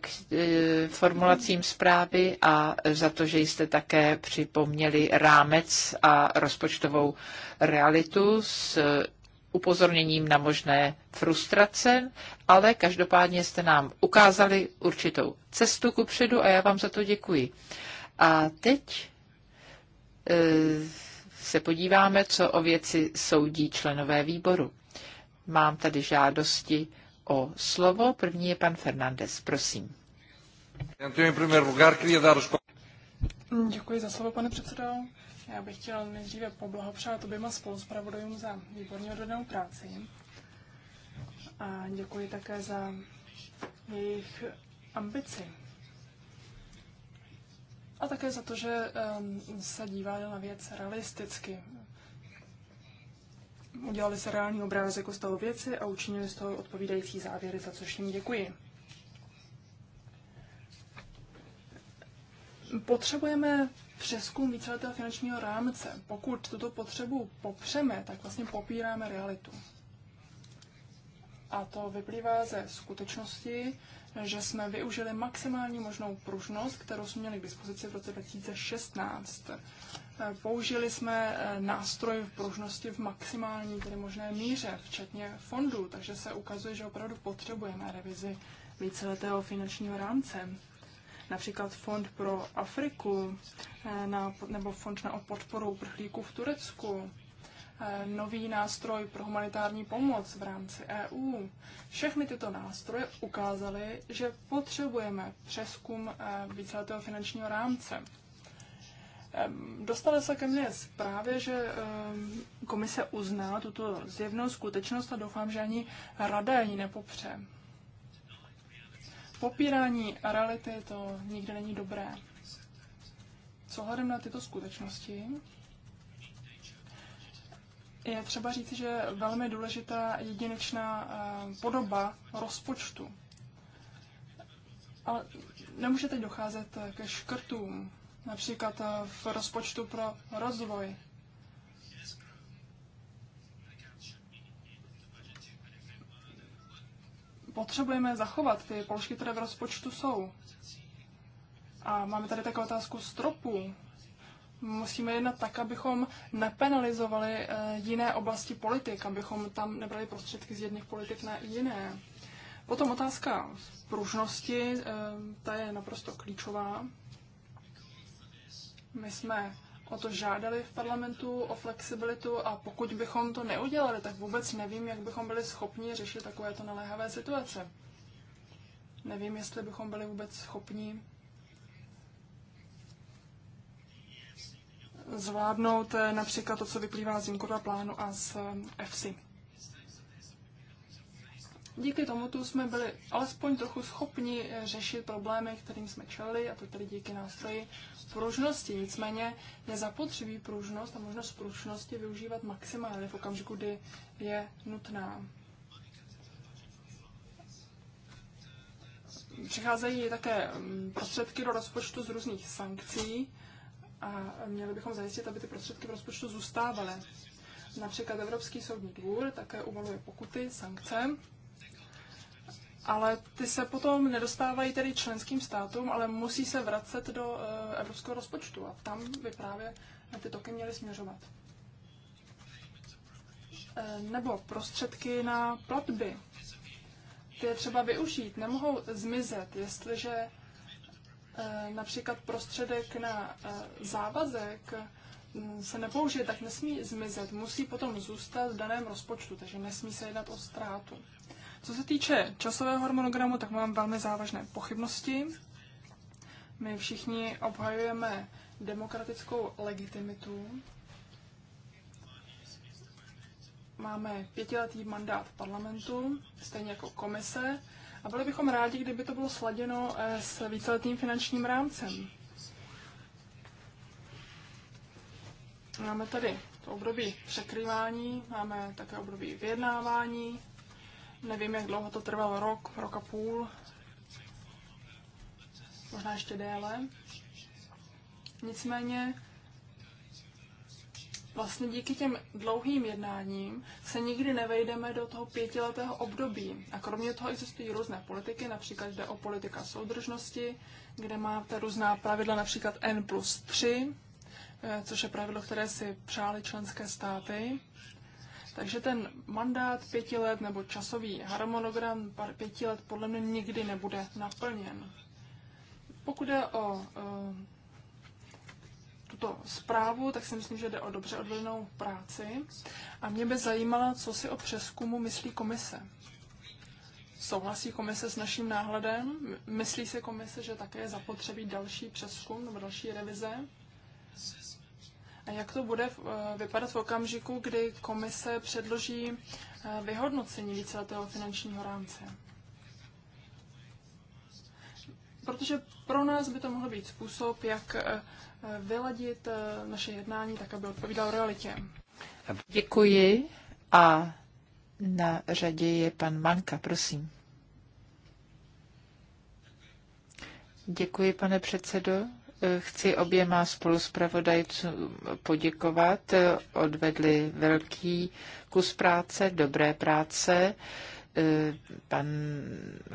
k e, formulacím zprávy a za to, že jste také připomněli rámec a rozpočtovou realitu s upozorněním na možné frustrace, ale každopádně jste nám ukázali určitou cestu ku předu a já vám za to děkuji. A teď e, se podíváme, co o věci soudí členové výboru. Mám tady žádosti o slovo. První je pan Fernandez, prosím. Děkuji za slovo, pane předsedo. Já bych chtěla nejdříve poblahopřát oběma spoluzpravodajům za výborně odvedenou práci. A děkuji také za jejich ambici. A také za to, že ehm, se dívali na věc realisticky. Udělali se reálný obrázek o stavu věci a učinili z toho odpovídající závěry, za což jim děkuji. Potřebujeme přeskum víceletého finančního rámce. Pokud tuto potřebu popřeme, tak vlastně popíráme realitu. A to vyplývá ze skutečnosti, že jsme využili maximální možnou pružnost, kterou jsme měli k dispozici v roce 2016. Použili jsme eh, nástroj v pružnosti v maximální tedy možné míře, včetně fondů, takže se ukazuje, že opravdu potřebujeme revizi víceletého finančního rámce například Fond pro Afriku eh, na, nebo Fond na podporu uprchlíků v Turecku, eh, nový nástroj pro humanitární pomoc v rámci EU. Všechny tyto nástroje ukázaly, že potřebujeme přeskum eh, víceletého finančního rámce. Ehm, dostala se ke mně zprávě, že ehm, komise uzná tuto zjevnou skutečnost a doufám, že ani rada ji nepopře. Popírání reality to nikdy není dobré. Co hledem na tyto skutečnosti, je třeba říci, že velmi důležitá jedinečná eh, podoba rozpočtu. Ale nemůžete docházet ke škrtům, například eh, v rozpočtu pro rozvoj potřebujeme zachovat ty položky, které v rozpočtu jsou. A máme tady takovou otázku stropu. Musíme jednat tak, abychom nepenalizovali eh, jiné oblasti politik, abychom tam nebrali prostředky z jedných politik na jiné. Potom otázka pružnosti, eh, ta je naprosto klíčová. My jsme o to žádali v parlamentu, o flexibilitu a pokud bychom to neudělali, tak vůbec nevím, jak bychom byli schopni řešit takovéto naléhavé situace. Nevím, jestli bychom byli vůbec schopni zvládnout eh, například to, co vyplývá z Junckerova plánu a z EFSI. Eh, díky tomuto jsme byli alespoň trochu schopni eh, řešit problémy, kterým jsme čelili, a to tedy díky nástroji pružnosti, nicméně je zapotřebí pružnost a možnost pružnosti využívat maximálně v okamžiku, kdy je nutná. Přicházejí také mm, prostředky do rozpočtu z různých sankcí a měli bychom zajistit, aby ty prostředky v rozpočtu zůstávaly. Například Evropský soudní dvůr také uvaluje pokuty, sankce ale ty se potom nedostávají tedy členským státům, ale musí se vracet do eh, evropského rozpočtu a tam by právě ty toky měly směřovat. Eh, nebo prostředky na platby. Ty je třeba využít, nemohou zmizet, jestliže eh, například prostředek na závazek mm, se nepoužije, tak nesmí zmizet, musí potom zůstat v daném rozpočtu, takže nesmí se jednat o ztrátu. Co se týče časového harmonogramu, tak mám velmi závažné pochybnosti. My všichni obhajujeme demokratickou legitimitu. Máme pětiletý mandát parlamentu, stejně jako komise, a byli bychom rádi, kdyby to bylo sladěno eh, s víceletým finančním rámcem. Máme tady to období překrývání, máme také období vyjednávání, Nevím, jak dlouho to trvalo, rok, rok a půl, možná ještě déle. Nicméně vlastně díky těm dlouhým jednáním se nikdy nevejdeme do toho pětiletého období. A kromě toho existují různé politiky, například jde o politika soudržnosti, kde máte různá pravidla, například N plus 3, eh, což je pravidlo, které si přáli členské státy. Takže ten mandát pěti let nebo časový harmonogram pěti let podle mě nikdy nebude naplněn. Pokud je o e, tuto zprávu, tak si myslím, že jde o dobře odvedenou práci. A mě by zajímalo, co si o přeskumu myslí komise. Souhlasí komise s naším náhledem? Myslí si komise, že také je zapotřebí další přeskum nebo další revize? jak to bude eh, vypadat v okamžiku, kdy komise předloží eh, vyhodnocení víceletého finančního rámce. Protože pro nás by to mohl být způsob, jak eh, vyladit naše jednání tak, aby odpovídalo realitě. Děkuji a na řadě je pan Manka, prosím. Děkuji, pane předsedo chci oběma spoluspravodajcům poděkovat. Odvedli velký kus práce, dobré práce. Eh, pan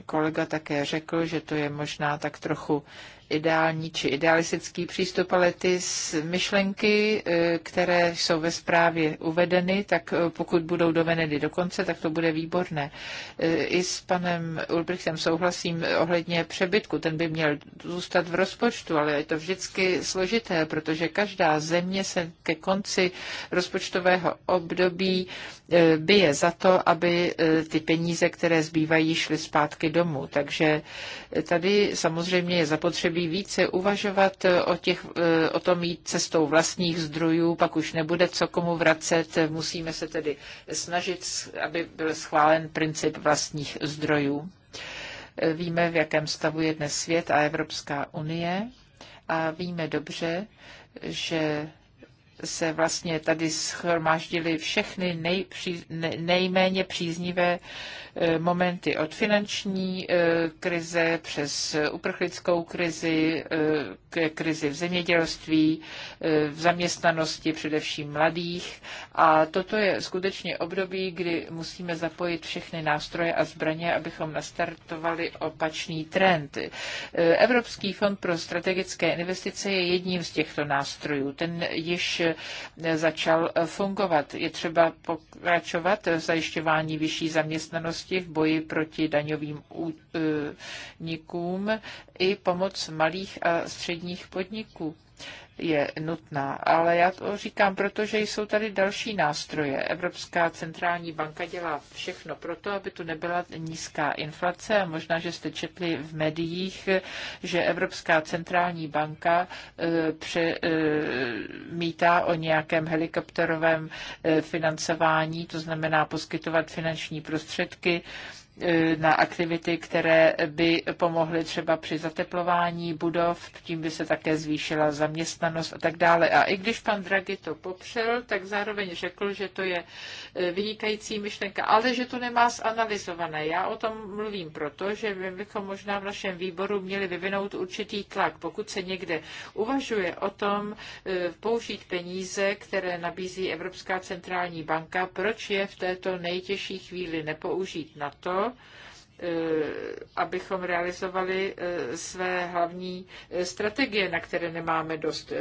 kolega také řekl, že to je možná tak trochu ideální či idealistický přístup, ale ty myšlenky, eh, které jsou ve zprávě uvedeny, tak eh, pokud budou dovedeny do konce, tak to bude výborné. Eh, I s panem Ulbrichtem souhlasím ohledně přebytku. Ten by měl zůstat v rozpočtu, ale je to vždycky složité, protože každá země se ke konci rozpočtového období bije za to, aby ty peníze, které zbývají, šly zpátky domů. Takže tady samozřejmě je zapotřebí zapotřebí více uvažovat eh, o, těch, eh, o tom jít cestou vlastních zdrojů, pak už nebude co komu vracet. Musíme se tedy snažit, aby byl schválen princip vlastních zdrojů. Eh, víme, v jakém stavu je dnes svět a Evropská unie a víme dobře, že se vlastně tady schromáždily všechny nejpří, nejméně příznivé Eh, momenty od finanční eh, krize přes uprchlickou krizi, eh, k krizi v zemědělství, v zaměstnanosti především mladých. A toto je skutečně období, kdy musíme zapojit všechny nástroje a zbraně, abychom nastartovali opačný trend. Evropský fond pro strategické investice je jedním z těchto nástrojů. Ten již začal fungovat. Je třeba pokračovat v zajišťování vyšší zaměstnanosti činnosti v boji proti daňovým únikům e, i pomoc malých a středních podniků je nutná. Ale já to říkám, protože jsou tady další nástroje. Evropská centrální banka dělá všechno proto, aby tu nebyla nízká inflace a možná, že jste četli v médiích, že Evropská centrální banka e, e, mítá o nějakém helikopterovém e, financování, to znamená poskytovat finanční prostředky E, na aktivity, které by pomohly třeba při zateplování budov, tím by se také zvýšila zaměstnanost a tak dále. A i když pan Draghi to popřel, tak zároveň řekl, že to je e, vynikající myšlenka, ale že to nemá zanalizované. Já o tom mluvím proto, že my bychom možná v našem výboru měli vyvinout určitý tlak. Pokud se někde uvažuje o tom e, použít peníze, které nabízí Evropská centrální banka, proč je v této nejtěžší chvíli nepoužít na to, Eh, abychom realizovali eh, své hlavní eh, strategie, na které nemáme dost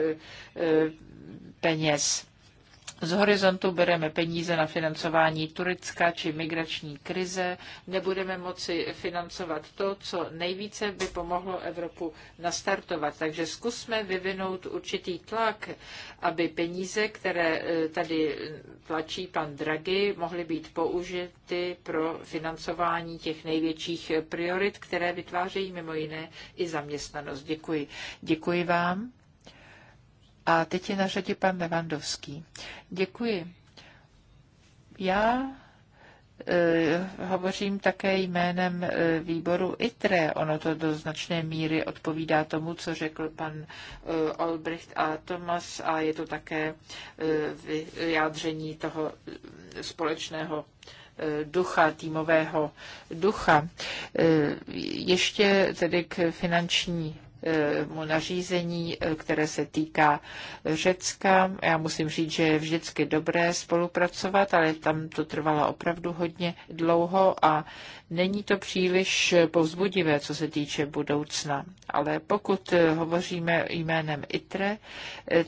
peněz z horizontu bereme peníze na financování Turecka či migrační krize. Nebudeme moci financovat to, co nejvíce by pomohlo Evropu nastartovat. Takže zkusme vyvinout určitý tlak, aby peníze, které eh, tady tlačí pan Draghi, mohly být použity pro financování těch největších priorit, které vytvářejí mimo jiné i zaměstnanost. Děkuji. Děkuji vám. A teď je na řadě pan Levandovský. Děkuji. Já e, hovořím také jménem e, výboru ITRE. Ono to do značné míry odpovídá tomu, co řekl pan e, Olbricht a Tomas a je to také vyjádření toho společného ducha, týmového ducha. Ještě tedy k finanční Eh, mu nařízení, eh, které se týká Řecka. Já musím říct, že je vždycky dobré spolupracovat, ale tam to trvalo opravdu hodně dlouho a není to příliš povzbudivé, co se týče budoucna. Ale pokud eh, hovoříme jménem ITRE,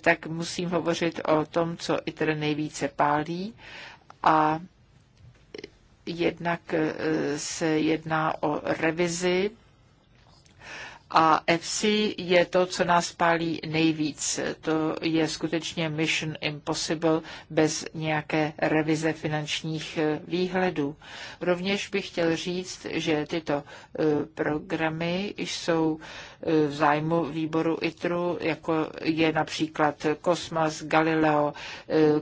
tak musím hovořit o tom, co ITRE nejvíce pálí a jednak se jedná o revizi a FC je to, co nás pálí nejvíc. To je skutečně mission impossible bez nějaké revize finančních eh, výhledů. Rovněž bych chtěl říct, že tyto eh, programy jsou eh, v zájmu výboru ITRU, jako je například Kosmas, Galileo,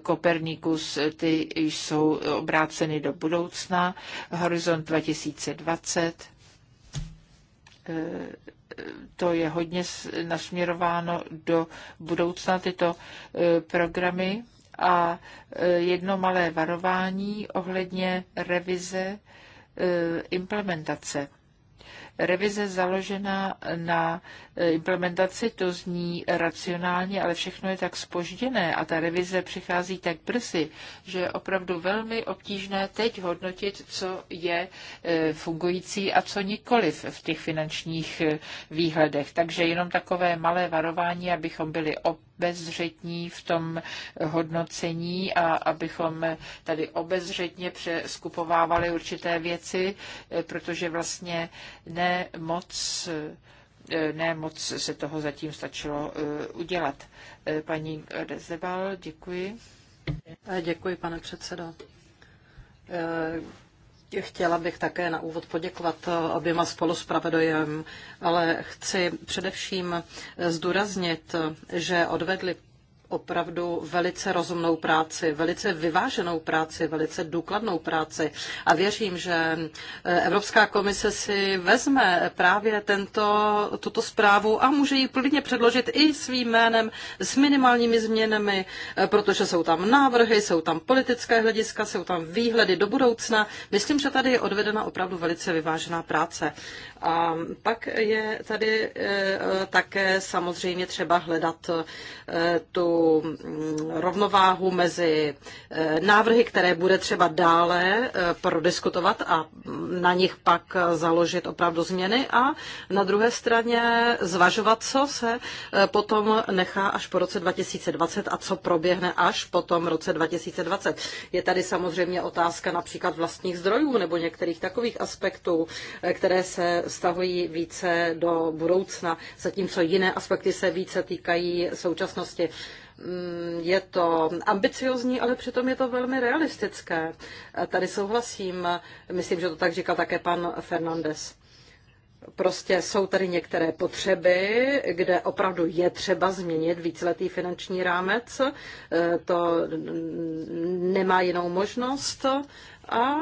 Kopernikus, ty jsou obráceny do budoucna, Horizont 2020, to je hodně nasměrováno do budoucna tyto e, programy. A e, jedno malé varování ohledně revize e, implementace. Revize založená na e, implementaci, to zní racionálně, ale všechno je tak spožděné a ta revize přichází tak brzy, že je opravdu velmi obtížné teď hodnotit, co je e, fungující a co nikoliv v těch finančních e, výhledech. Takže jenom takové malé varování, abychom byli op obezřetní v tom hodnocení a abychom tady obezřetně přeskupovávali určité věci, protože vlastně ne moc ne moc se toho zatím stačilo eh, udělat. Eh, paní Dezebal, děkuji. Eh, děkuji, pane předsedo. Chtěla bych také na úvod poděkovat eh, oběma spoluspravedojem, ale chci především eh, zdůraznit, eh, že odvedli opravdu velice rozumnou práci, velice vyváženou práci, velice důkladnou práci. A věřím, že eh, Evropská komise si vezme právě tento, tuto zprávu a může ji plně předložit i svým jménem s minimálními změnami, eh, protože jsou tam návrhy, jsou tam politické hlediska, jsou tam výhledy do budoucna. Myslím, že tady je odvedena opravdu velice vyvážená práce. A pak je tady eh, také samozřejmě třeba hledat tu Mm, rovnováhu mezi eh, návrhy, které bude třeba dále eh, prodiskutovat a na nich pak založit opravdu změny a na druhé straně zvažovat, co se eh, potom nechá až po roce 2020 a co proběhne až po tom roce 2020. Je tady samozřejmě otázka například vlastních zdrojů nebo některých takových aspektů, které se stahují více do budoucna, zatímco jiné aspekty se více týkají současnosti. Mm, je to ambiciozní, ale přitom je to velmi realistické. Tady souhlasím, myslím, že to tak říkal také pan Fernandez. Prostě jsou tady některé potřeby, kde opravdu je třeba změnit víceletý finanční rámec. E, to nemá jinou možnost. A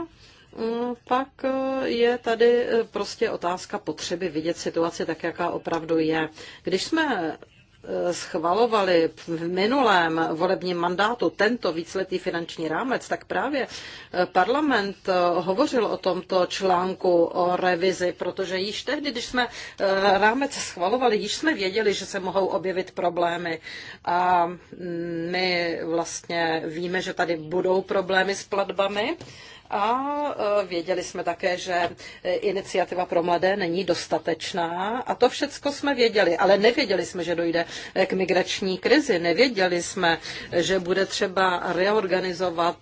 mm, pak e, je tady e, prostě otázka potřeby vidět situaci tak, jaká opravdu je. Když jsme Eh, schvalovali v minulém volebním mandátu tento víceletý finanční rámec, tak právě eh, parlament eh, hovořil o tomto článku o revizi, protože již tehdy, když jsme rámec schvalovali, již jsme věděli, že se mohou objevit problémy. A mm, my vlastně víme, že tady budou problémy s platbami. A e, věděli jsme také, že e, iniciativa pro mladé není dostatečná a to všecko jsme věděli, ale nevěděli jsme, že dojde e, k migrační krizi, nevěděli jsme, že bude třeba reorganizovat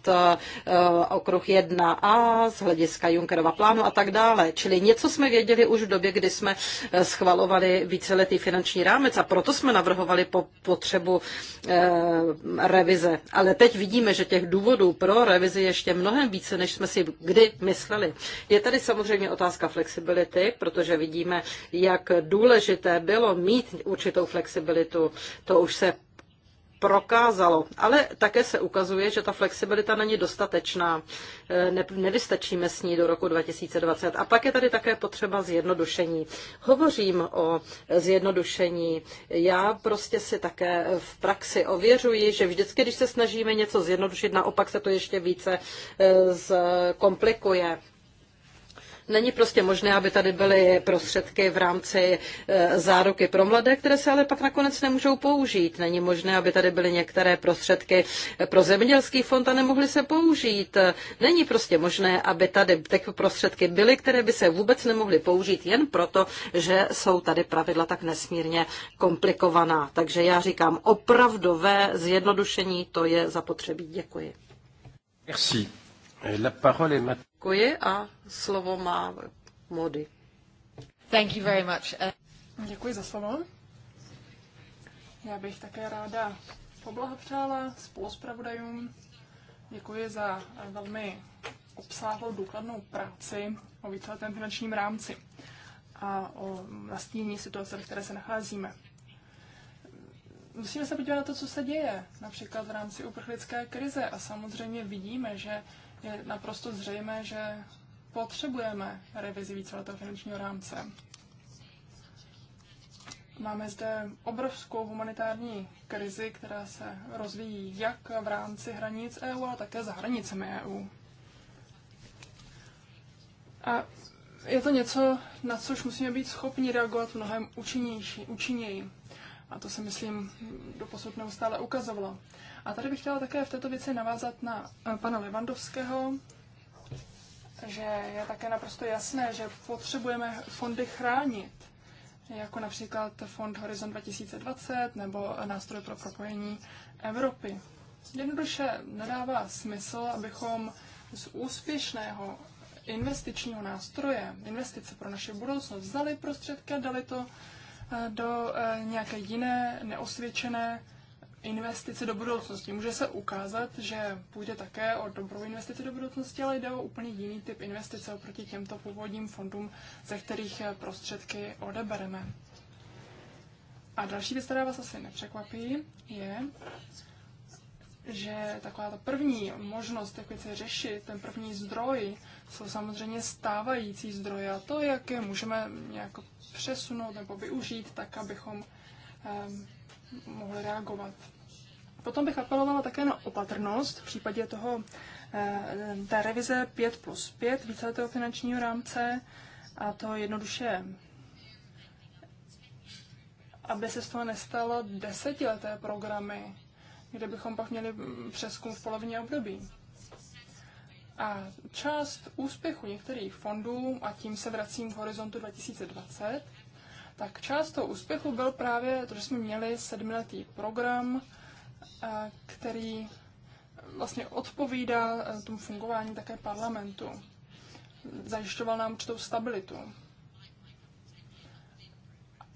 okruh 1a z hlediska Junckerova plánu a tak dále. Čili něco jsme věděli už v době, kdy jsme schvalovali víceletý finanční rámec a proto jsme navrhovali po potřebu revize. Ale teď vidíme, že těch důvodů pro revizi ještě mnohem více, než jsme si kdy mysleli. Je tady samozřejmě otázka flexibility, protože vidíme, jak důležité bylo mít určitou flexibilitu. To už se prokázalo. Ale také se ukazuje, že ta flexibilita není dostatečná. E, ne, nevystačíme s ní do roku 2020. A pak je tady také potřeba zjednodušení. Hovořím o zjednodušení. Já prostě si také v praxi ověřuji, že vždycky, když se snažíme něco zjednodušit, naopak se to ještě více e, zkomplikuje. Není prostě možné, aby tady byly prostředky v rámci e, záruky pro mladé, které se ale pak nakonec nemůžou použít. Není možné, aby tady byly některé prostředky pro zemědělský fond a nemohly se použít. Není prostě možné, aby tady ty prostředky byly, které by se vůbec nemohly použít jen proto, že jsou tady pravidla tak nesmírně komplikovaná. Takže já říkám, opravdové zjednodušení to je zapotřebí. Děkuji. Merci. La parole est Děkuji a slovo má Mody. Thank you very much. Uh, Děkuji za slovo. Já bych také ráda poblahopřála spoluspravodajům. Děkuji za velmi obsáhlou důkladnou práci o víceletém finančním rámci a o nastínění situace, v které se nacházíme. Musíme se podívat na to, co se děje, například v rámci uprchlické krize. A samozřejmě vidíme, že je naprosto zřejmé, že potřebujeme revizi víceletého finančního rámce. Máme zde obrovskou humanitární krizi, která se rozvíjí jak v rámci hranic EU, ale také za hranicemi EU. A je to něco, na což musíme být schopni reagovat mnohem účinněji. A to se, myslím, do posud neustále ukazovalo. A tady bych chtěla také v této věci navázat na eh, pana Levandovského, že je také naprosto jasné, že potřebujeme fondy chránit, jako například Fond Horizon 2020 nebo Nástroj pro propojení Evropy. Jednoduše nedává smysl, abychom z úspěšného investičního nástroje, investice pro naše budoucnost, vzali prostředky a dali to eh, do eh, nějaké jiné neosvědčené Investice do budoucnosti. Může se ukázat, že půjde také o dobrou investici do budoucnosti, ale jde o úplně jiný typ investice oproti těmto původním fondům, ze kterých prostředky odebereme. A další věc, která vás asi nepřekvapí, je, že taková ta první možnost, jak věci řešit, ten první zdroj, jsou samozřejmě stávající zdroje a to, jak je můžeme nějak přesunout nebo využít tak, abychom eh, mohli reagovat. Potom bych apelovala také na opatrnost v případě toho, eh, té revize 5 plus 5 víceletého finančního rámce a to jednoduše, aby se z toho nestalo desetileté programy, kde bychom pak měli přeskum v polovině období. A část úspěchu některých fondů, a tím se vracím k horizontu 2020, tak část toho úspěchu byl právě to, že jsme měli sedmiletý program, který vlastně odpovídá eh, tomu fungování také parlamentu. Zajišťoval nám určitou stabilitu.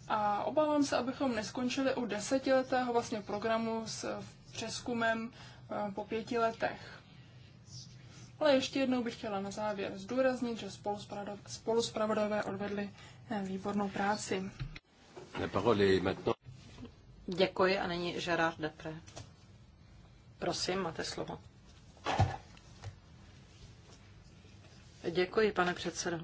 A obávám se, abychom neskončili u desetiletého vlastně programu s přeskumem eh, po pěti letech. Ale ještě jednou bych chtěla na závěr zdůraznit, že spoluzpravodové odvedli eh, výbornou práci. La parole est maintenant. Děkuji a není Gerard Depre. Prosím, máte slovo. Děkuji, pane předsedo.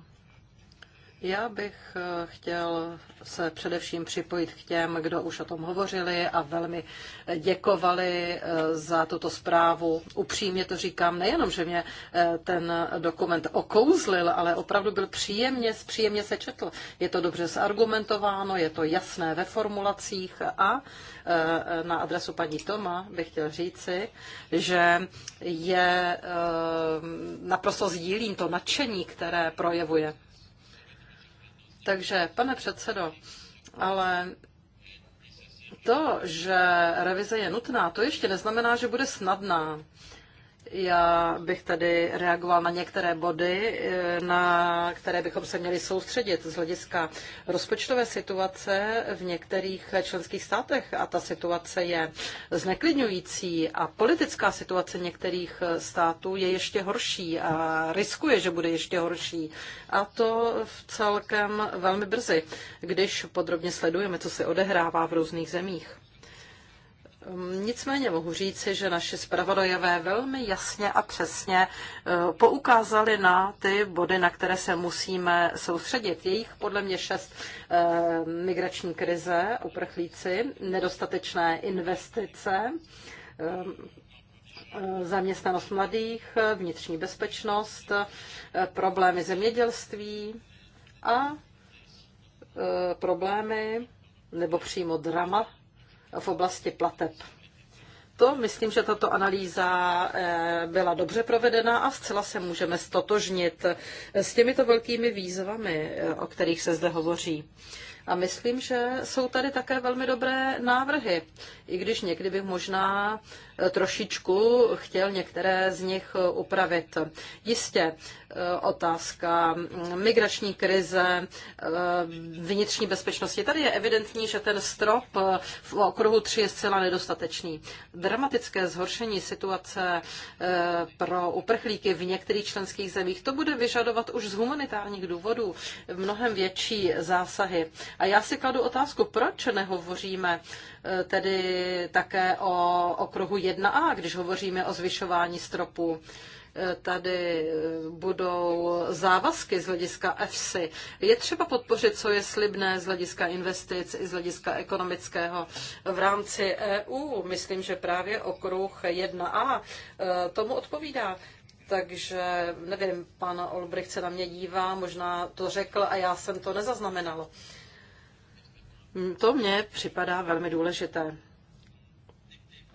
Já bych eh, chtěl se především připojit k těm, kdo už o tom hovořili a velmi děkovali eh, za tuto zprávu. Upřímně to říkám, nejenom, že mě eh, ten dokument okouzlil, ale opravdu byl příjemně, příjemně se četl. Je to dobře zargumentováno, je to jasné ve formulacích a na adresu paní Toma bych chtěl říci, že je naprosto sdílím to nadšení, které projevuje takže, pane předsedo, ale to, že revize je nutná, to ještě neznamená, že bude snadná. Já bych tady reagoval na některé body, eh, na které bychom se měli soustředit z hlediska rozpočtové situace v některých členských státech. A ta situace je zneklidňující a politická situace některých států je ještě horší a riskuje, že bude ještě horší. A to v celkem velmi brzy, když podrobně sledujeme, co se odehrává v různých zemích. Nicméně mohu říci, že naši zpravodajové velmi jasně a přesně eh, poukázali na ty body, na které se musíme soustředit. Jejich podle mě šest eh, migrační krize, uprchlíci, nedostatečné investice, eh, zaměstnanost mladých, vnitřní bezpečnost, problémy zemědělství a problémy nebo přímo drama v oblasti plateb. To myslím, že tato analýza eh, byla dobře provedena a zcela se můžeme stotožnit eh, s těmito velkými výzvami, eh, o kterých se zde hovoří. A myslím, že jsou tady také velmi dobré návrhy, i když někdy bych možná trošičku chtěl některé z nich upravit. Jistě e, otázka migrační krize, e, vnitřní bezpečnosti. Tady je evidentní, že ten strop e, v okruhu 3 je zcela nedostatečný. Dramatické zhoršení situace pro uprchlíky v některých členských zemích, to bude vyžadovat už z humanitárních důvodů mnohem větší zásahy. A já si kladu otázku, proč nehovoříme tedy také o okruhu 1a, když hovoříme o zvyšování stropů e, tady e, budou závazky z hlediska EFSI. Je třeba podpořit, co je slibné z hlediska investic i z hlediska ekonomického v rámci EU. Myslím, že právě okruh 1a e, tomu odpovídá. Takže nevím, pan Olbrich se na mě dívá, možná to řekl a já jsem to nezaznamenala. To mně připadá velmi důležité.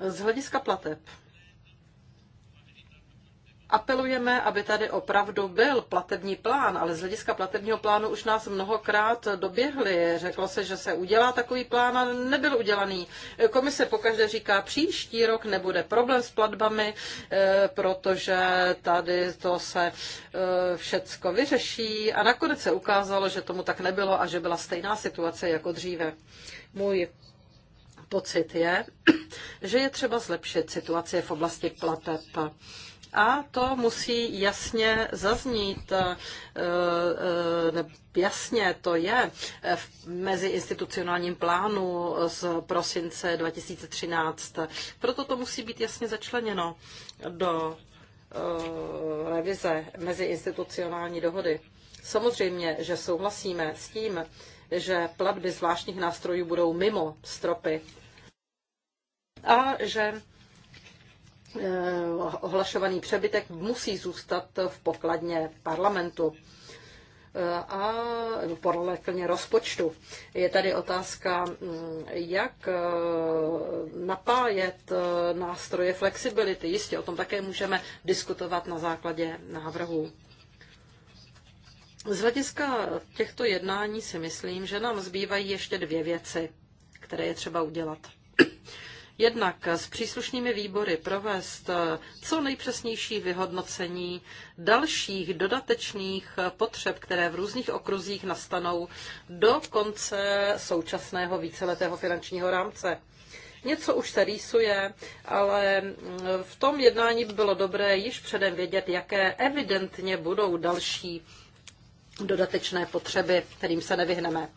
Z hlediska plateb apelujeme, aby tady opravdu byl platební plán, ale z hlediska platebního plánu už nás mnohokrát doběhli. Řeklo se, že se udělá takový plán a nebyl udělaný. Komise pokaždé říká, příští rok nebude problém s platbami, eh, protože tady to se eh, všecko vyřeší a nakonec se ukázalo, že tomu tak nebylo a že byla stejná situace jako dříve. Můj pocit je, že je třeba zlepšit situaci v oblasti plateb. A to musí jasně zaznít, eh, eh, jasně to je v meziinstitucionálním plánu z prosince 2013. Proto to musí být jasně začleněno do eh, revize meziinstitucionální dohody. Samozřejmě, že souhlasíme s tím, že platby zvláštních nástrojů budou mimo stropy a že e, ohlašovaný přebytek musí zůstat v pokladně parlamentu e, a podle rozpočtu. Je tady otázka, jak e, napájet nástroje flexibility. Jistě o tom také můžeme diskutovat na základě návrhů. Z hlediska těchto jednání si myslím, že nám zbývají ještě dvě věci, které je třeba udělat jednak s příslušnými výbory provést eh, co nejpřesnější vyhodnocení dalších dodatečných potřeb, které v různých okruzích nastanou do konce současného víceletého finančního rámce. Něco už se rýsuje, ale mm, v tom jednání by bylo dobré již předem vědět, jaké evidentně budou další dodatečné potřeby, kterým se nevyhneme.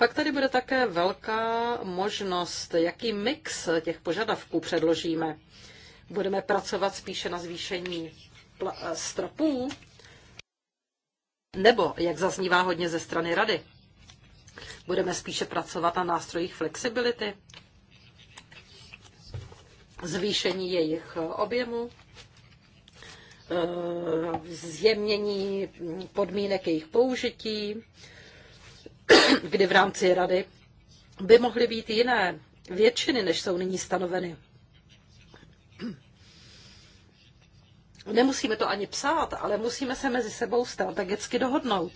Pak tady bude také velká možnost, jaký mix těch požadavků předložíme. Budeme pracovat spíše na zvýšení stropů, nebo, jak zaznívá hodně ze strany rady, budeme spíše pracovat na nástrojích flexibility, zvýšení jejich objemu, eh, zjemnění podmínek jejich použití, kdy v rámci rady by mohly být jiné většiny, než jsou nyní stanoveny. Nemusíme to ani psát, ale musíme se mezi sebou strategicky dohodnout.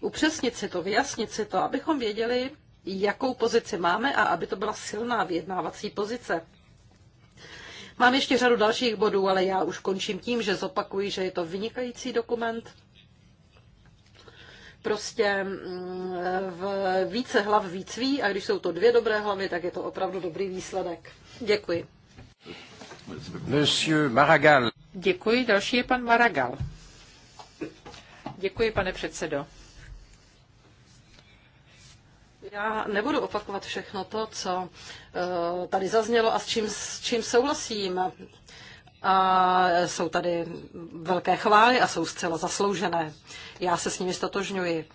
Upřesnit si to, vyjasnit si to, abychom věděli, jakou pozici máme a aby to byla silná vyjednávací pozice. Mám ještě řadu dalších bodů, ale já už končím tím, že zopakuji, že je to vynikající dokument prostě mm, v více hlav víc ví a když jsou to dvě dobré hlavy, tak je to opravdu dobrý výsledek. Děkuji. Monsieur Maragall. Děkuji, další je pan Maragall. Děkuji, pane předsedo. Já nebudu opakovat všechno to, co eh, tady zaznělo a s čím, s čím souhlasím a jsou tady velké chvály a jsou zcela zasloužené. Já se s nimi stotožňuji.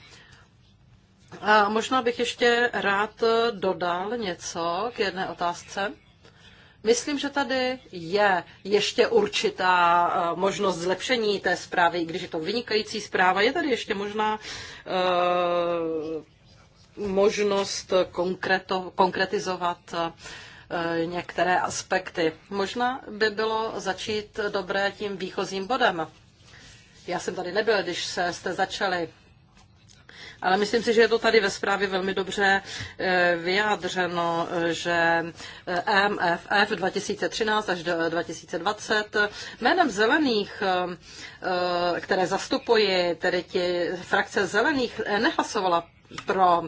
A možná bych ještě rád dodal něco k jedné otázce. Myslím, že tady je ještě určitá eh, možnost zlepšení té zprávy, i když je to vynikající zpráva. Je tady ještě možná uh, možnost konkreto, konkretizovat eh, Eh, některé aspekty. Možná by bylo začít dobré tím výchozím bodem. Já jsem tady nebyl, když se, jste začali ale myslím si, že je to tady ve zprávě velmi dobře eh, vyjádřeno, eh, že eh, MFF 2013 až 2020 jménem zelených, které zastupuji, tedy ti frakce zelených, nehlasovala pro,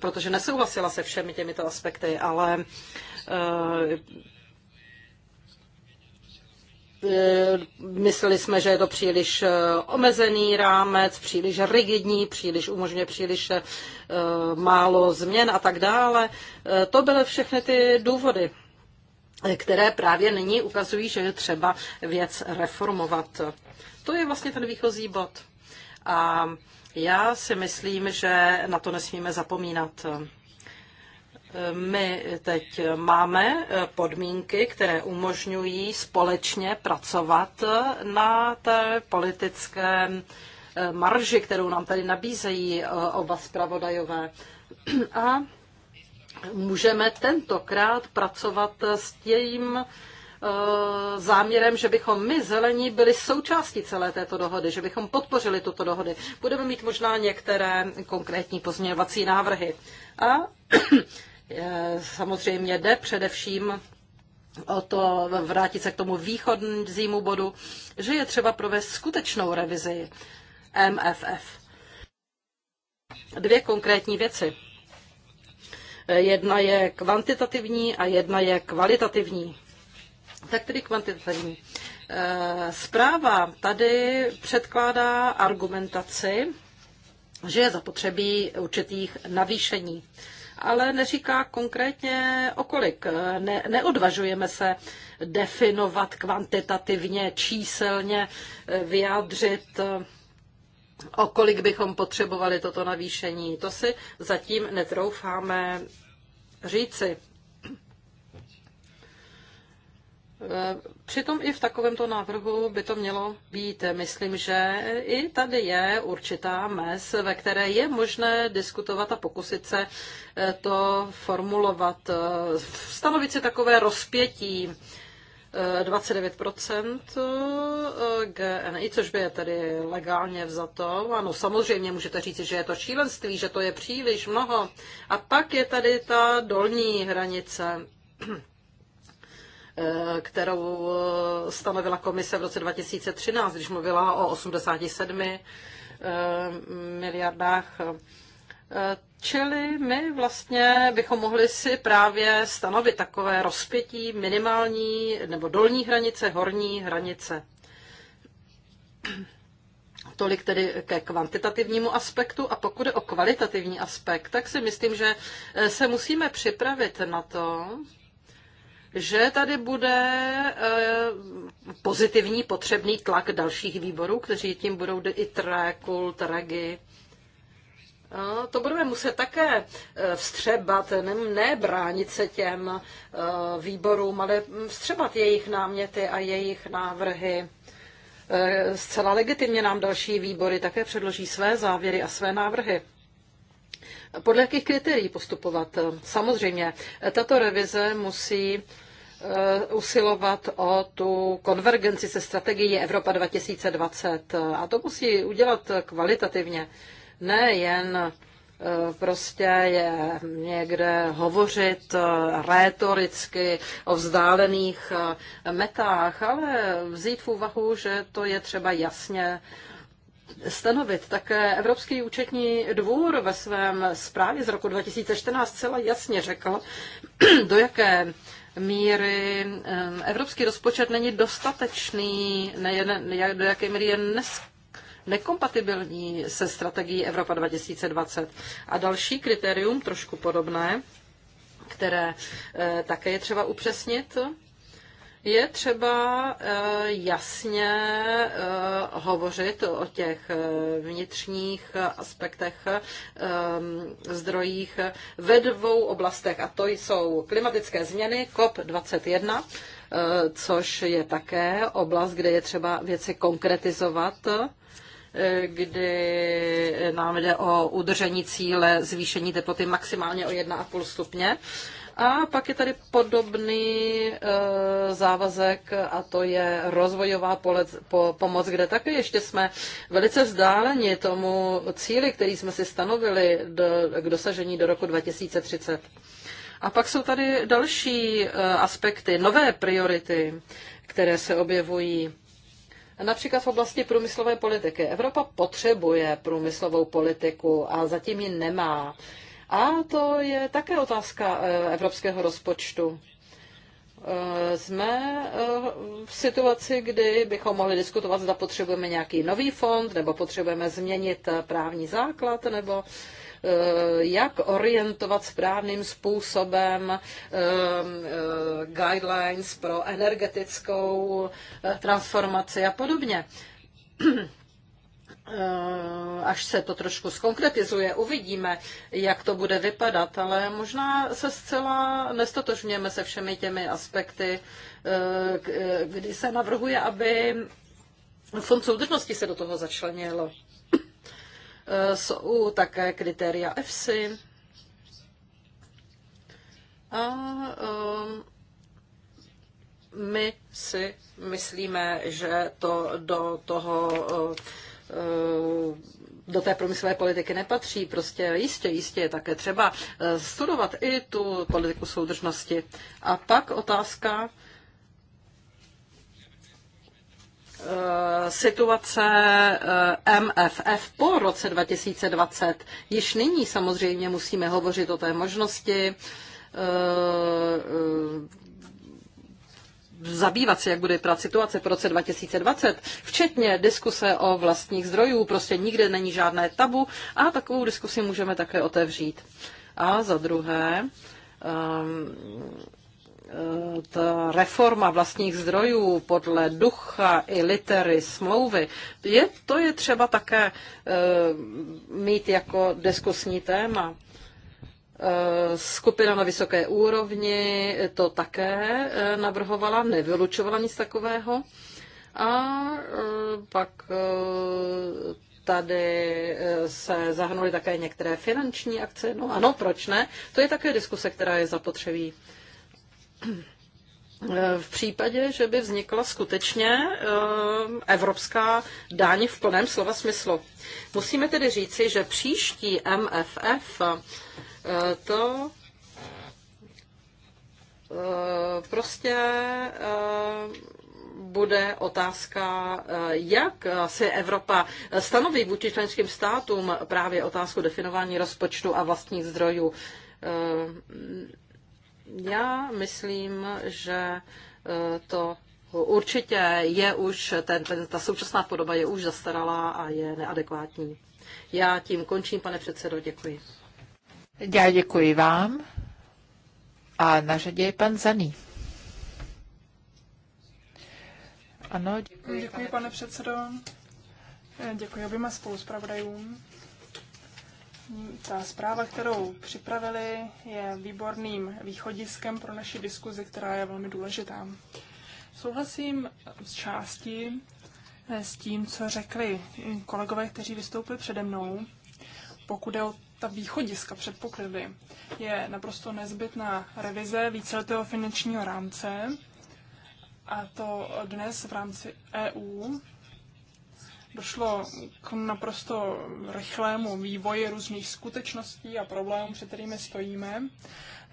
protože nesouhlasila se všemi těmito aspekty, ale Eh, mysleli jsme, že je to příliš eh, omezený rámec, příliš rigidní, příliš umožňuje příliš eh, málo změn a tak dále. To byly všechny ty důvody, které právě nyní ukazují, že je třeba věc reformovat. To je vlastně ten výchozí bod. A já si myslím, že na to nesmíme zapomínat. My teď máme podmínky, které umožňují společně pracovat na té politické eh, marži, kterou nám tady nabízejí eh, oba zpravodajové. A můžeme tentokrát pracovat s tím eh, záměrem, že bychom my zelení byli součástí celé této dohody, že bychom podpořili tuto dohody. Budeme mít možná některé konkrétní pozměňovací návrhy. A Eh, samozřejmě jde především o to vrátit se k tomu východnímu bodu, že je třeba provést skutečnou revizi MFF. Dvě konkrétní věci. Eh, jedna je kvantitativní a jedna je kvalitativní. Tak tedy kvantitativní. Eh, zpráva tady předkládá argumentaci, že je zapotřebí určitých navýšení ale neříká konkrétně o kolik. Ne, neodvažujeme se definovat kvantitativně, číselně, eh, vyjádřit eh, o kolik bychom potřebovali toto navýšení. To si zatím netroufáme říci. Eh, přitom i v takovémto návrhu by to mělo být. Myslím, že i tady je určitá mez, ve které je možné diskutovat a pokusit se eh, to formulovat, eh, stanovit si takové rozpětí 29% GNI, což by je tedy legálně vzato. Ano, samozřejmě můžete říct, že je to šílenství, že to je příliš mnoho. A pak je tady ta dolní hranice Eh, kterou eh, stanovila komise v roce 2013, když mluvila o 87 eh, miliardách. Čili my vlastně bychom mohli si právě stanovit takové rozpětí minimální nebo dolní hranice, horní hranice. Tolik tedy ke kvantitativnímu aspektu a pokud je o kvalitativní aspekt, tak si myslím, že se musíme připravit na to, že tady bude eh, pozitivní potřebný tlak dalších výborů, kteří tím budou i trékul, tragi. To budeme muset také eh, vstřebat, ne, ne bránit se těm eh, výborům, ale vstřebat jejich náměty a jejich návrhy. Zcela legitimně nám další výbory také předloží své závěry a své návrhy. Podle jakých kritérií postupovat? Samozřejmě, tato revize musí Eh, usilovat o tu konvergenci se strategií Evropa 2020. A to musí udělat kvalitativně. Ne jen eh, prostě je někde hovořit eh, rétoricky o vzdálených metách, ale vzít v úvahu, že to je třeba jasně stanovit. Také Evropský účetní dvůr ve svém zprávě z roku 2014 celá jasně řekl, do jaké míry evropský rozpočet není dostatečný, do jaké míry je dnes nekompatibilní se strategií Evropa 2020. A další kritérium, trošku podobné, které eh, také je třeba upřesnit, je třeba eh, jasně eh, hovořit o těch eh, vnitřních aspektech, zdrojích ve dvou oblastech, a to jsou klimatické změny COP21, což je také oblast, kde je třeba věci konkretizovat kdy nám jde o udržení cíle zvýšení teploty maximálně o 1,5 stupně a pak je tady podobný eh, závazek a to je rozvojová polec, po, pomoc, kde také ještě jsme velice vzdáleni tomu cíli, který jsme si stanovili do, k dosažení do roku 2030. A pak jsou tady další eh, aspekty, nové priority, které se objevují. Například v oblasti průmyslové politiky. Evropa potřebuje průmyslovou politiku a zatím ji nemá. A to je také otázka eh, evropského rozpočtu. Eh, jsme eh, v situaci, kdy bychom mohli diskutovat, zda potřebujeme nějaký nový fond, nebo potřebujeme změnit právní základ, nebo jak orientovat správným způsobem guidelines pro energetickou transformaci a podobně. až se to trošku skonkretizuje, uvidíme, jak to bude vypadat, ale možná se zcela nestotožňujeme se všemi těmi aspekty, eh, eh, kdy se navrhuje, aby fond soudržnosti se do toho začlenilo. Eh, jsou také kritéria EFSI. A my si myslíme, že to do toho Eh, do té průmyslové politiky nepatří. Prostě jistě, jistě je také třeba eh, studovat i tu politiku soudržnosti. A pak otázka eh, situace MFF po roce 2020. Již nyní samozřejmě musíme hovořit o té možnosti zabývat se, jak bude vypadat situace v roce 2020, včetně diskuse o vlastních zdrojů. Prostě nikde není žádné tabu a takovou diskusi můžeme také otevřít. A za druhé, um, ta reforma vlastních zdrojů podle ducha i litery smlouvy, je, to je třeba také e, mít jako diskusní téma. Eh, skupina na vysoké úrovni to také eh, navrhovala, nevylučovala nic takového. A eh, pak tady se zahrnuly také některé finanční akce. No ano, proč ne? To je také diskuse, která je zapotřebí. V případě, že by vznikla skutečně evropská dáň v plném slova smyslu. Musíme tedy říci, že příští MFF E, to e, prostě e, bude otázka, jak si Evropa stanoví vůči členským státům právě otázku definování rozpočtu a vlastních zdrojů. Já myslím, že to určitě je už, ten, ten, ta současná podoba je už zastaralá a je neadekvátní. Já tím končím, pane předsedo, děkuji. Já děkuji vám. A na řadě je pan Zaný. Ano, děkuji. Děkuji, pane předsedo. Eh, děkuji oběma spoluzpravodajům. Ta zpráva, kterou připravili, je výborným východiskem pro naši diskuzi, která je velmi důležitá. Souhlasím s částí eh, s tím, co řekli kolegové, kteří vystoupili přede mnou, pokud je o ta východiska předpoklady. Je naprosto nezbytná revize víceletého finančního rámce, a to dnes v rámci EU. Došlo k naprosto rychlému vývoji různých skutečností a problémů, před kterými stojíme.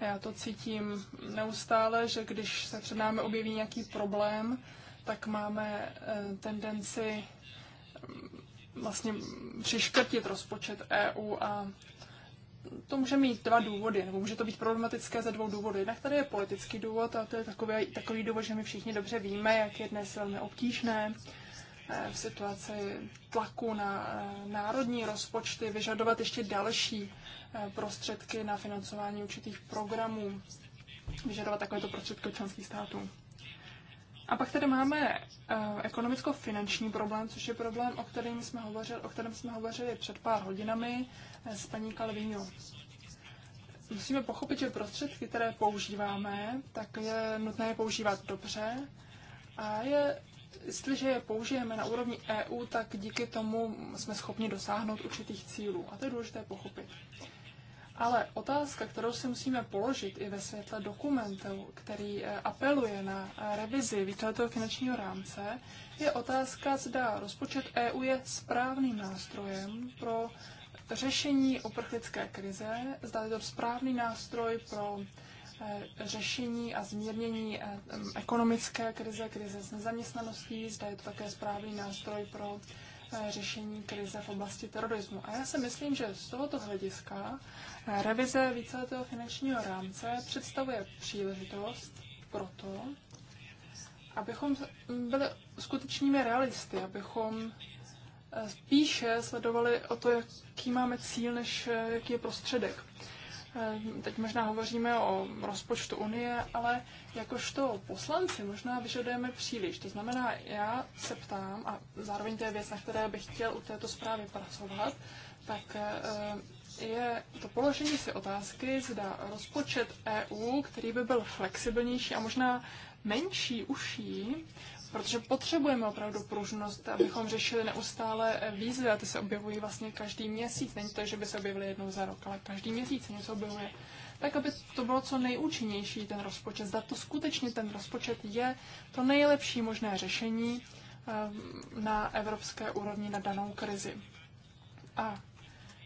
Já to cítím neustále, že když se před námi objeví nějaký problém, tak máme eh, tendenci vlastně přiškrtit rozpočet EU a to může mít dva důvody, nebo může to být problematické ze dvou důvodů. Jednak tady je politický důvod a to je takový, takový důvod, že my všichni dobře víme, jak je dnes velmi obtížné eh, v situaci tlaku na eh, národní rozpočty vyžadovat ještě další eh, prostředky na financování určitých programů, vyžadovat takovéto prostředky členských států. A pak tady máme eh, ekonomicko-finanční problém, což je problém, o kterém jsme hovořili, o kterém jsme hovořili před pár hodinami eh, s paní Kalvinio. Musíme pochopit, že prostředky, které používáme, tak je nutné je používat dobře a je jestliže je použijeme na úrovni EU, tak díky tomu jsme schopni dosáhnout určitých cílů. A to je důležité pochopit. Ale otázka, kterou si musíme položit i ve světle dokumentu, který eh, apeluje na eh, revizi víceletého finančního rámce, je otázka, zda rozpočet EU je správným nástrojem pro řešení uprchlické krize, zda je to správný nástroj pro eh, řešení a zmírnění ekonomické krize, krize s nezaměstnaností, zda je to také správný nástroj pro řešení krize v oblasti terorismu. A já si myslím, že z tohoto hlediska eh, revize víceletého finančního rámce představuje příležitost pro to, abychom byli skutečnými realisty, abychom eh, spíše sledovali o to, jaký máme cíl, než eh, jaký je prostředek. Eh, teď možná hovoříme o rozpočtu Unie, ale jakožto poslanci možná vyžadujeme příliš. To znamená, já se ptám, a zároveň to je věc, na které bych chtěl u této zprávy pracovat, tak eh, je to položení si otázky, zda rozpočet EU, který by byl flexibilnější a možná menší, uší, protože potřebujeme opravdu pružnost, abychom řešili neustále výzvy a ty se objevují vlastně každý měsíc. Není to, že by se objevily jednou za rok, ale každý měsíc se něco objevuje. Tak, aby to bylo co nejúčinnější, ten rozpočet. Zda to skutečně ten rozpočet je to nejlepší možné řešení eh, na evropské úrovni na danou krizi. A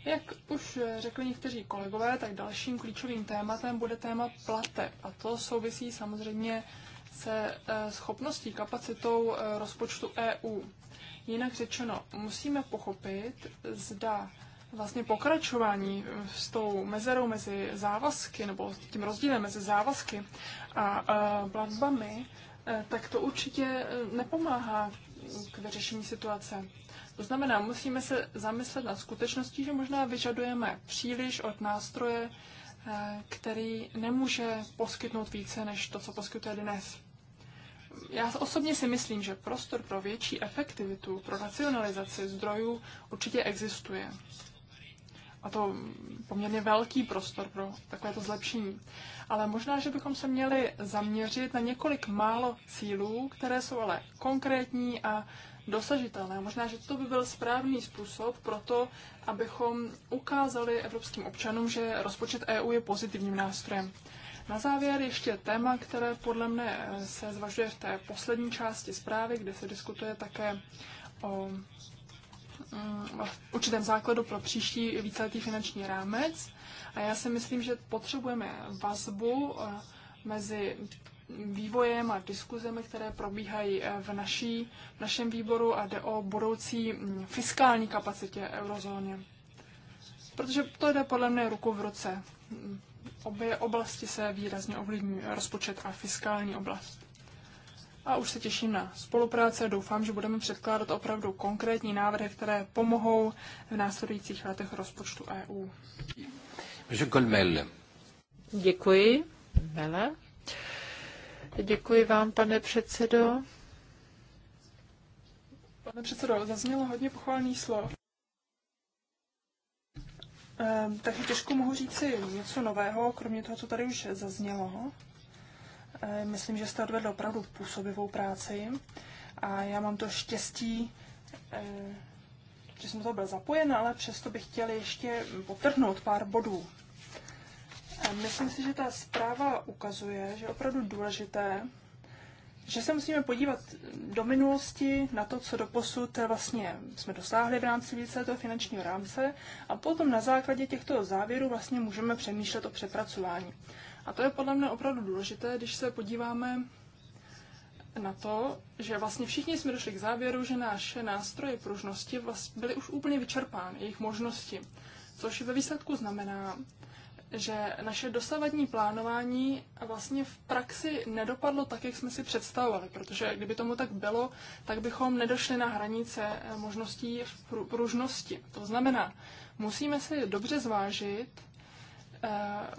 jak už řekli někteří kolegové, tak dalším klíčovým tématem bude téma plate. A to souvisí samozřejmě se eh, schopností, kapacitou eh, rozpočtu EU. Jinak řečeno, musíme pochopit, zda vlastně pokračování eh, s tou mezerou mezi závazky, nebo tím rozdílem mezi závazky a platbami, tak to určitě nepomáhá k vyřešení situace. To znamená, musíme se zamyslet nad skutečností, že možná vyžadujeme příliš od nástroje, který nemůže poskytnout více než to, co poskytuje dnes. Já osobně si myslím, že prostor pro větší efektivitu, pro racionalizaci zdrojů určitě existuje. A to poměrně velký prostor pro takovéto zlepšení. Ale možná, že bychom se měli zaměřit na několik málo cílů, které jsou ale konkrétní a dosažitelné. Možná, že to by byl správný způsob pro to, abychom ukázali evropským občanům, že rozpočet EU je pozitivním nástrojem. Na závěr ještě téma, které podle mne se zvažuje v té poslední části zprávy, kde se diskutuje také o mm, určitém základu pro příští víceletý finanční rámec. A já si myslím, že potřebujeme vazbu e, mezi vývojem a diskuzemi, které probíhají e, v, naší, v našem výboru a jde o budoucí mm, fiskální kapacitě eurozóny. Protože to jde podle mě ruku v ruce obě oblasti se výrazně ovlivní rozpočet a fiskální oblast. A už se těším na spolupráce. Doufám, že budeme předkládat opravdu konkrétní návrhy, které pomohou v následujících letech rozpočtu e EU. Děkuji. Mele. Děkuji vám, pane předsedo. Pane předsedo, zaznělo hodně pochvalných slov. Ehm, takže těžko mohu říci něco nového, kromě toho, co tady už zaznělo. Ehm, myslím, že jste odvedl opravdu působivou práci a já mám to štěstí, ehm, že jsem to byl zapojen, ale přesto bych chtěl ještě potrhnout pár bodů. Myslím si, že ta zpráva ukazuje, že je opravdu důležité že se musíme podívat do minulosti na to, co do posud vlastně jsme dosáhli v rámci toho finančního rámce a potom na základě těchto závěrů vlastně můžeme přemýšlet o přepracování. A to je podle mě opravdu důležité, když se podíváme na to, že vlastně všichni jsme došli k závěru, že naše nástroje pružnosti vlastně byly už úplně vyčerpány, jejich možnosti. Což ve výsledku znamená, že naše dosavadní plánování vlastně v praxi nedopadlo tak, jak jsme si představovali, protože kdyby tomu tak bylo, tak bychom nedošli na hranice eh, možností v pružnosti. To znamená, musíme si dobře zvážit, eh,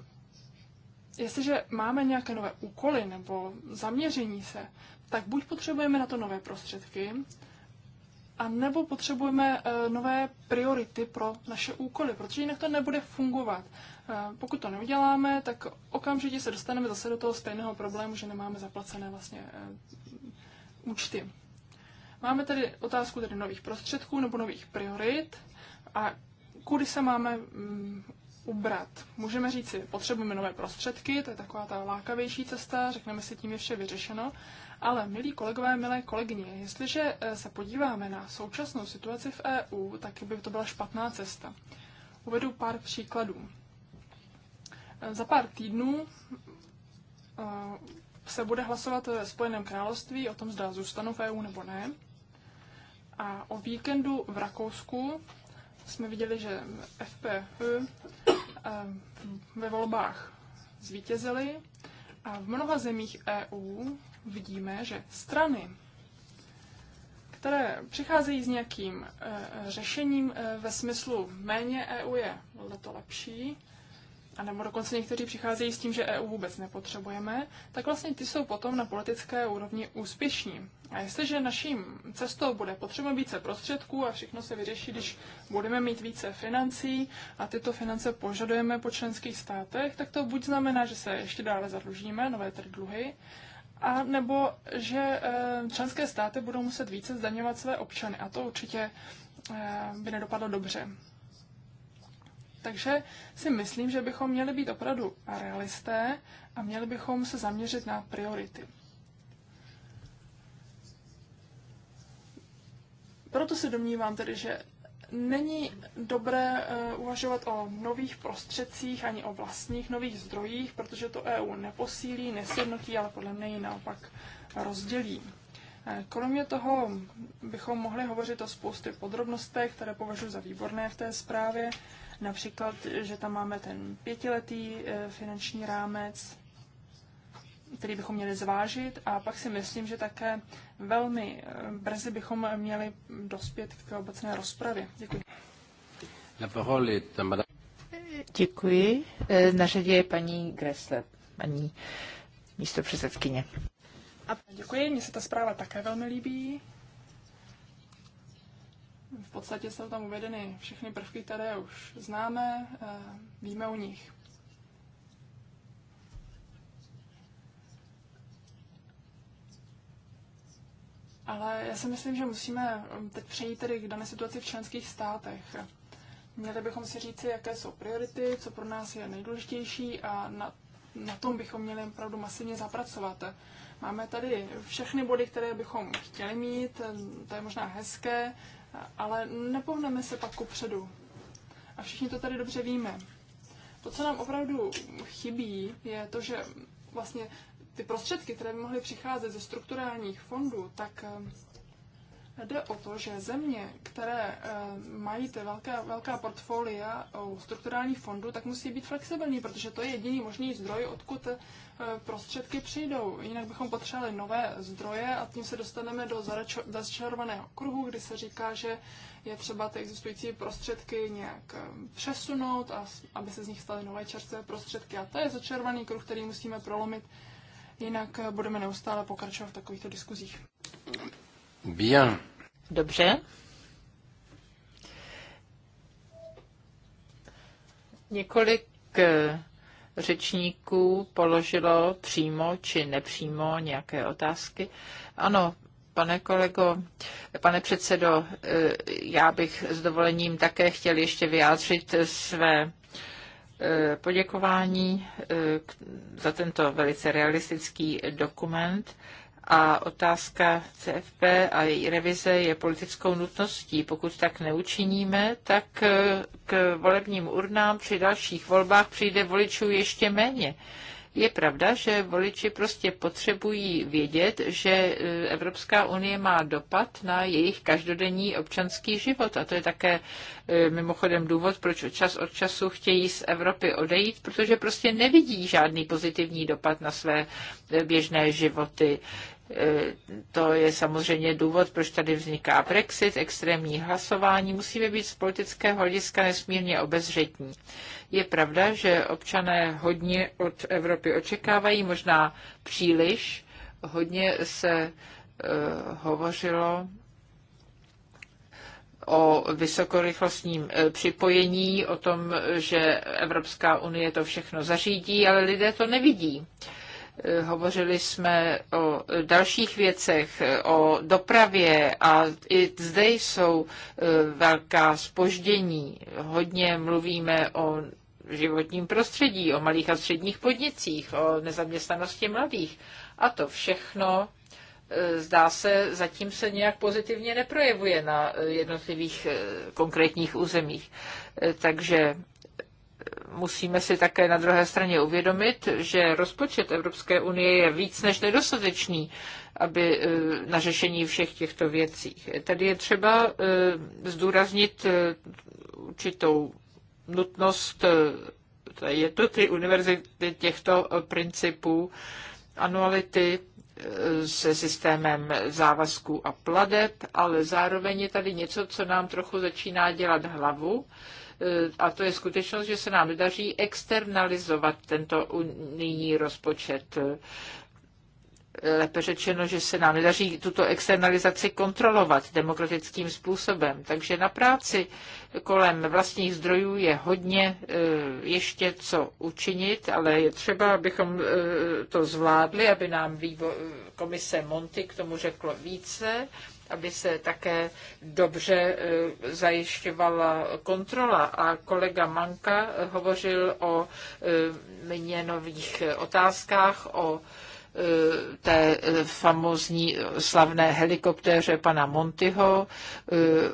jestliže máme nějaké nové úkoly nebo zaměření se, tak buď potřebujeme na to nové prostředky, a nebo potřebujeme eh, nové priority pro naše úkoly, protože jinak to nebude fungovat. Pokud to neuděláme, tak okamžitě se dostaneme zase do toho stejného problému, že nemáme zaplacené vlastně eh, účty. Máme tedy otázku tedy nových prostředků nebo nových priorit a kudy se máme mm, ubrat. Můžeme říct si, potřebujeme nové prostředky, to je taková ta lákavější cesta, řekneme si, tím je vše vyřešeno. Ale, milí kolegové, milé kolegyně, jestliže eh, se podíváme na současnou situaci v EU, tak by to byla špatná cesta. Uvedu pár příkladů. Za pár týdnů eh, se bude hlasovat ve Spojeném království o tom, zda zůstanou v EU nebo ne. A o víkendu v Rakousku jsme viděli, že FPE eh, ve volbách zvítězili a v mnoha zemích EU vidíme, že strany, které přicházejí s nějakým eh, řešením ve smyslu méně EU je to lepší, a nebo dokonce někteří přicházejí s tím, že EU vůbec nepotřebujeme, tak vlastně ty jsou potom na politické úrovni úspěšní. A jestliže naším cestou bude potřeba více prostředků a všechno se vyřeší, když budeme mít více financí a tyto finance požadujeme po členských státech, tak to buď znamená, že se ještě dále zadlužíme, nové tedy dluhy, a nebo že eh, členské státy budou muset více zdaňovat své občany. A to určitě eh, by nedopadlo dobře. Takže si myslím, že bychom měli být opravdu realisté a měli bychom se zaměřit na priority. Proto se domnívám tedy, že není dobré eh, uvažovat o nových prostředcích ani o vlastních nových zdrojích, protože to EU neposílí, nesjednotí, ale podle mě ji naopak rozdělí. Eh, kromě toho bychom mohli hovořit o spoustě podrobnostech, které považuji za výborné v té zprávě, Například, že tam máme ten pětiletý eh, finanční rámec, který bychom měli zvážit a pak si myslím, že také velmi eh, brzy bychom měli dospět k obecné rozpravě. Děkuji. Děkuji. Eh, na řadě je paní Gressle, paní místo předsedkyně. A děkuji, mně se ta zpráva také velmi líbí. V podstatě jsou tam uvedeny všechny prvky, které už známe, eh, víme o nich. Ale já si myslím, že musíme eh, teď přejít tedy k dané situaci v členských státech. Měli bychom si říci, jaké jsou priority, co pro nás je nejdůležitější a na, na tom bychom měli opravdu masivně zapracovat. Máme tady všechny body, které bychom chtěli mít, eh, to je možná hezké, ale nepohneme se pak ku předu. A všichni to tady dobře víme. To, co nám opravdu chybí, je to, že vlastně ty prostředky, které by mohly přicházet ze strukturálních fondů, tak eh, Jde o to, že země, které eh, mají ty velká, velká portfolia strukturálních fondů, tak musí být flexibilní, protože to je jediný možný zdroj, odkud eh, prostředky přijdou. Jinak bychom potřebovali nové zdroje a tím se dostaneme do začarovaného kruhu, kdy se říká, že je třeba ty existující prostředky nějak eh, přesunout, a aby se z nich staly nové čerstvé prostředky. A to je začarovaný kruh, který musíme prolomit, jinak budeme neustále pokračovat v takovýchto diskuzích. Bien. Dobře. Několik eh, řečníků položilo přímo či nepřímo nějaké otázky. Ano, Pane kolego, pane předsedo, eh, já bych s dovolením také chtěl ještě vyjádřit své eh, poděkování za tento velice realistický dokument a otázka CFP a její revize je politickou nutností. Pokud tak neučiníme, tak eh, k volebním urnám při dalších volbách přijde voličů ještě méně. Je pravda, že voliči prostě potřebují vědět, že eh, Evropská unie má dopad na jejich každodenní občanský život. A to je také eh, mimochodem důvod, proč čas od času chtějí z Evropy odejít, protože prostě nevidí žádný pozitivní dopad na své běžné životy. To je samozřejmě důvod, proč tady vzniká Brexit, extrémní hlasování. Musíme být z politického hlediska nesmírně obezřetní. Je pravda, že občané hodně od Evropy očekávají, možná příliš. Hodně se eh, hovořilo o vysokorychlostním eh, připojení, o tom, že Evropská unie to všechno zařídí, ale lidé to nevidí. Eh, hovořili jsme o dalších věcech, eh, o dopravě a i zde jsou eh, velká spoždění. Hodně mluvíme o životním prostředí, o malých a středních podnicích, o nezaměstnanosti mladých. A to všechno zdá se, zatím se nějak pozitivně neprojevuje na jednotlivých konkrétních územích. Takže musíme si také na druhé straně uvědomit, že rozpočet Evropské unie je víc než nedostatečný aby, e, na řešení všech těchto věcí. Tady je třeba e, zdůraznit e, určitou nutnost je to ty univerzity těchto principů anuality se systémem závazků a pladeb, ale zároveň je tady něco, co nám trochu začíná dělat hlavu Eh, a to je skutečnost, že se nám daří externalizovat tento unijní rozpočet eh, lépe řečeno, že se nám nedaří tuto externalizaci kontrolovat demokratickým způsobem. Takže na práci kolem vlastních zdrojů je hodně eh, ještě co učinit, ale je třeba, abychom to zvládli, aby nám vývo- komise Monty k tomu řeklo více aby se také dobře e, zajišťovala kontrola. A kolega Manka hovořil o e, měnových otázkách, o e, té famozní slavné helikoptéře pana Montyho.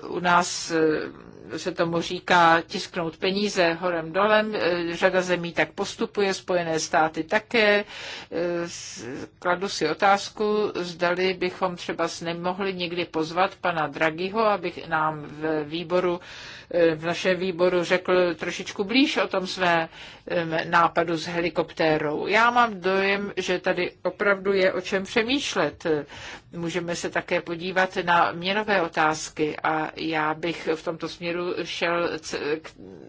U nás se tomu říká tisknout peníze horem dolem. E, řada zemí tak postupuje, Spojené státy také. E, kladu si otázku, zdali bychom třeba nemohli někdy pozvat pana Dragiho, aby nám v výboru e, v našem výboru řekl trošičku blíž o tom své nápadu s helikoptérou. Já mám dojem, že tady opravdu je o čem přemýšlet. Můžeme se také podívat na měnové otázky a já bych v tomto směru šel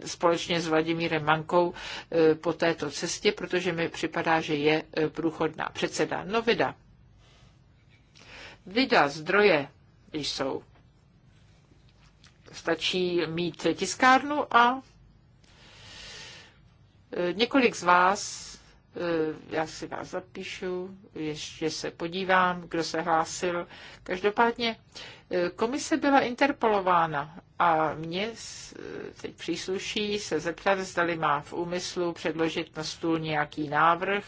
společně s Vladimírem Mankou e, po této cestě, protože mi připadá, že je e, průchodná. Předseda, no vida. Vida, zdroje jsou. Stačí mít tiskárnu a e, několik z vás Eh, já si vás zapíšu, ještě se podívám, kdo se hlásil. Každopádně eh, komise byla interpolována a mě eh, teď přísluší se zeptat, zdali má v úmyslu předložit na stůl nějaký návrh,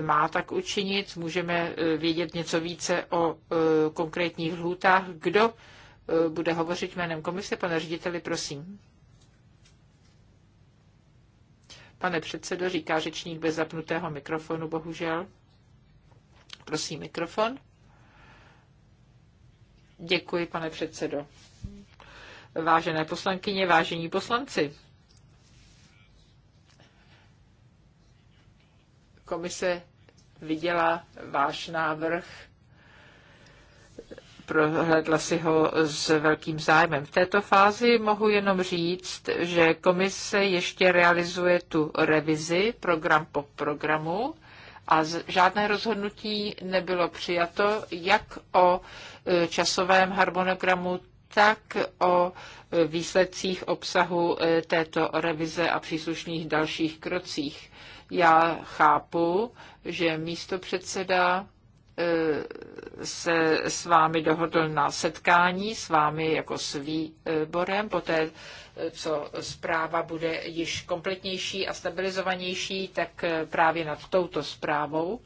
má tak učinit, můžeme vědět něco více o konkrétních lhůtách. Kdo bude hovořit jménem komise? Pane řediteli, prosím. Pane předsedo, říká řečník bez zapnutého mikrofonu, bohužel. Prosím, mikrofon. Děkuji, pane předsedo. Vážené poslankyně, vážení poslanci. Komise viděla váš návrh prohlédla si ho s velkým zájmem. V této fázi mohu jenom říct, že komise ještě realizuje tu revizi program po programu a žádné rozhodnutí nebylo přijato, jak o e, časovém harmonogramu, tak o e, výsledcích obsahu e, této revize a příslušných dalších krocích. Já chápu, že místo předseda E, se s vámi dohodl na setkání, s vámi jako s výborem, poté e, co zpráva bude již kompletnější a stabilizovanější, tak e, právě nad touto zprávou.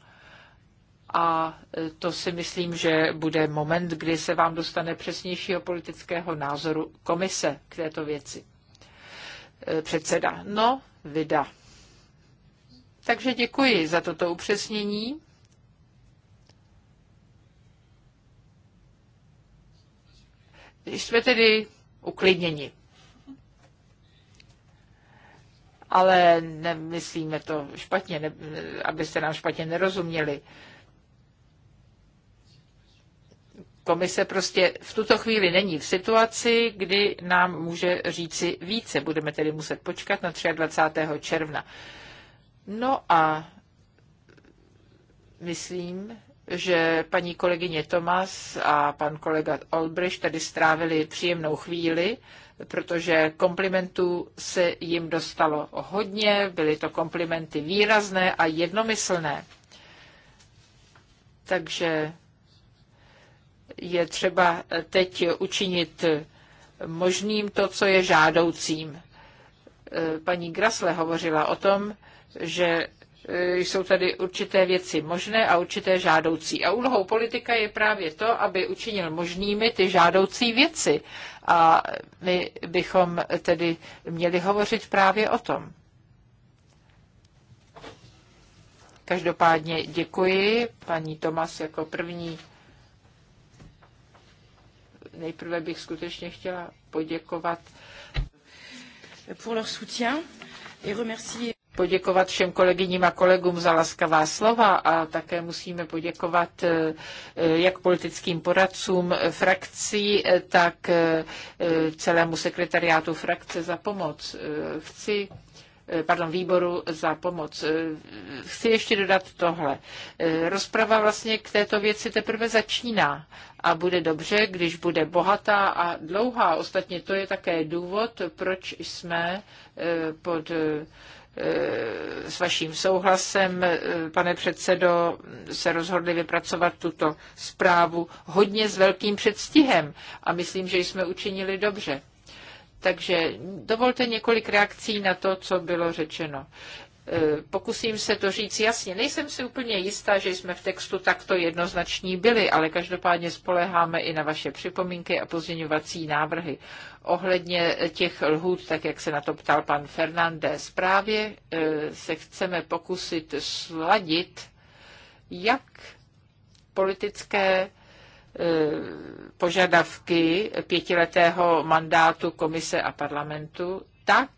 A to si myslím, že bude moment, kdy se vám dostane přesnějšího politického názoru komise k této věci. Předseda. No, vida. Takže děkuji za toto upřesnění. jsme tedy uklidněni. Ale nemyslíme to špatně, ne, abyste nám špatně nerozuměli. Komise prostě v tuto chvíli není v situaci, kdy nám může říci více. Budeme tedy muset počkat na 23. června. No a myslím, že paní kolegyně Tomas a pan kolega Olbrich tady strávili příjemnou chvíli, protože komplimentů se jim dostalo hodně, byly to komplimenty výrazné a jednomyslné. Takže je třeba teď učinit možným to, co je žádoucím. Paní Grasle hovořila o tom, že Eh, jsou tady určité věci možné a určité žádoucí. A úlohou politika je právě to, aby učinil možnými ty žádoucí věci. A my bychom tedy měli hovořit právě o tom. Každopádně děkuji paní Tomas jako první. Nejprve bych skutečně chtěla poděkovat pour leur soutien et remercier poděkovat všem kolegyním a kolegům za laskavá slova a také musíme poděkovat eh, eh, jak politickým poradcům frakcí, eh, tak celému sekretariátu frakce za pomoc. Chci pardon, výboru za pomoc. Chci ještě dodat tohle. Rozprava vlastně k této věci teprve začíná a bude dobře, když bude bohatá a dlouhá. Ostatně to je také důvod, proč jsme pod s vaším souhlasem, pane předsedo, se rozhodli vypracovat tuto zprávu hodně s velkým předstihem a myslím, že jsme učinili dobře. Takže dovolte několik reakcí na to, co bylo řečeno. Eh, pokusím se to říct jasně. Nejsem si úplně jistá, že jsme v textu takto jednoznační byli, ale každopádně spoleháme i na vaše připomínky a pozměňovací návrhy. Ohledně těch lhůt, tak jak se na to ptal pan Fernández, právě eh, se chceme pokusit sladit, jak politické eh, požadavky pětiletého mandátu komise a parlamentu, tak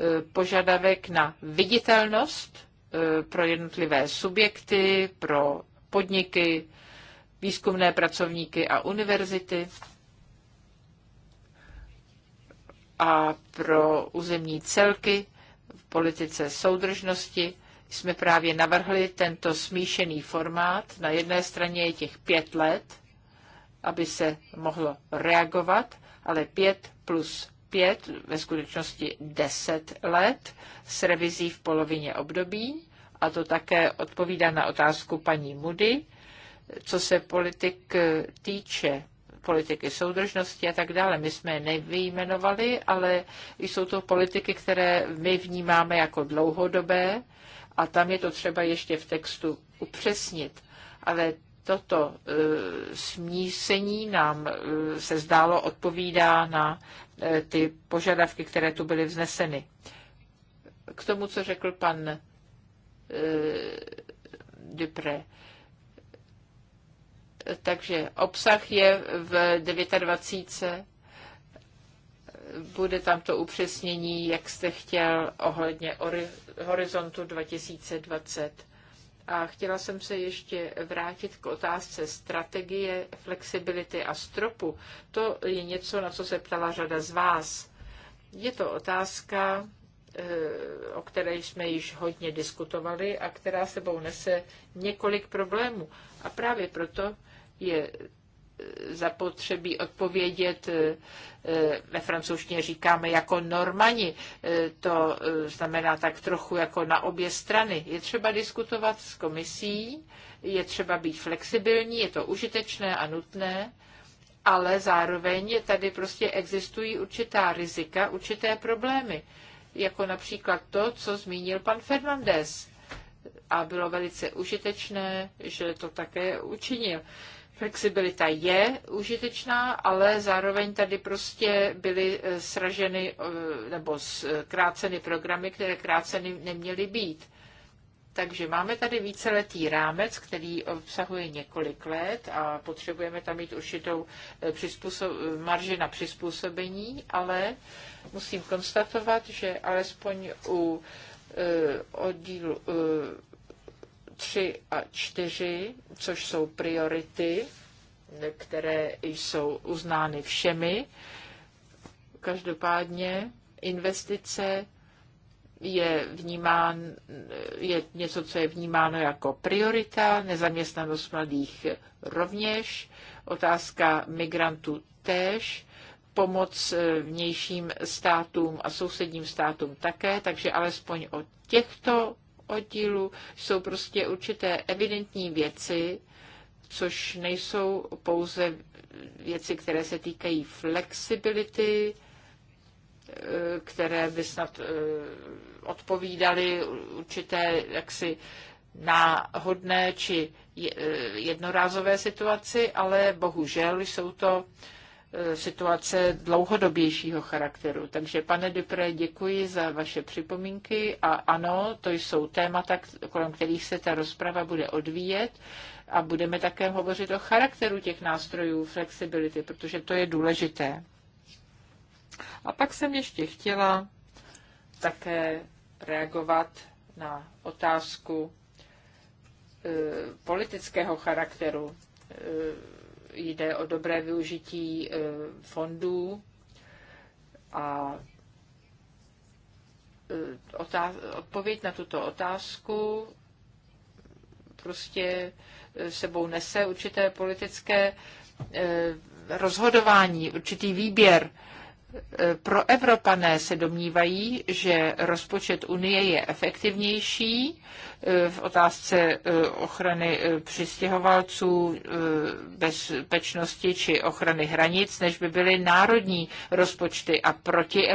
Eh, požadavek na viditelnost eh, pro jednotlivé subjekty, pro podniky, výzkumné pracovníky a univerzity a pro územní celky v politice soudržnosti jsme právě navrhli tento smíšený formát. Na jedné straně je těch pět let, aby se mohlo reagovat, ale pět plus pět, ve skutečnosti deset let s revizí v polovině období. A to také odpovídá na otázku paní Mudy, co se politik týče politiky soudržnosti a tak dále. My jsme je nevyjmenovali, ale jsou to politiky, které my vnímáme jako dlouhodobé a tam je to třeba ještě v textu upřesnit. Ale toto e, smísení nám e, se zdálo odpovídá na e, ty požadavky, které tu byly vzneseny. K tomu, co řekl pan Dupré. Takže obsah je v 29 bude tam to upřesnění, jak jste chtěl, ohledně horizontu 2020. A chtěla jsem se ještě vrátit k otázce strategie, flexibility a stropu. To je něco, na co se ptala řada z vás. Je to otázka, eh, o které jsme již hodně diskutovali a která sebou nese několik problémů. A právě proto je zapotřebí odpovědět eh, eh, ve francouzštině říkáme jako normani, eh, to znamená tak trochu jako na obě strany. Je třeba diskutovat s komisí, je třeba být flexibilní, je to užitečné a nutné, ale zároveň tady prostě existují určitá rizika, určité problémy, jako například to, co zmínil pan Fernandez. A bylo velice užitečné, že to také učinil. Flexibilita je užitečná, ale zároveň tady prostě byly eh, sraženy eh, nebo zkráceny eh, programy, které kráceny neměly být. Takže máme tady víceletý rámec, který obsahuje několik let a potřebujeme tam mít určitou marži na přizpůsobení, ale musím konstatovat, že alespoň u oddílu 3 a 4, což jsou priority, které jsou uznány všemi. Každopádně investice je vnímán, je něco, co je vnímáno jako priorita, nezaměstnanost mladých rovněž, otázka migrantů též, pomoc vnějším státům a sousedním státům také, takže alespoň o těchto oddílu Jsou prostě určité evidentní věci, což nejsou pouze věci, které se týkají flexibility, eh, které by snad eh, odpovídaly určité jaksi náhodné či eh, jednorázové situaci, ale bohužel jsou to E, situace dlouhodobějšího charakteru. Takže, pane Dupré, děkuji za vaše připomínky a ano, to jsou témata, kolem kterých se ta rozprava bude odvíjet a budeme také hovořit o charakteru těch nástrojů flexibility, protože to je důležité. A pak jsem ještě chtěla také reagovat na otázku e, politického charakteru. E, jde o dobré využití e, fondů a e, odpověď na tuto otázku prostě e, sebou nese určité politické rozhodování, určitý výběr E, pro Evropané se domnívají, že rozpočet Unie je efektivnější e, v otázce e, ochrany přistěhovalců, bezpečnosti či ochrany hranic, než by byly národní rozpočty. A protievropané,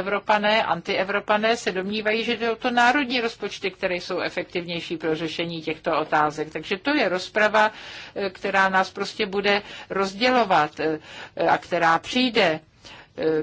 Evropané, antievropané se domnívají, že jsou to národní rozpočty, které jsou efektivnější pro řešení těchto otázek. Takže to je rozprava, která nás prostě bude rozdělovat a která přijde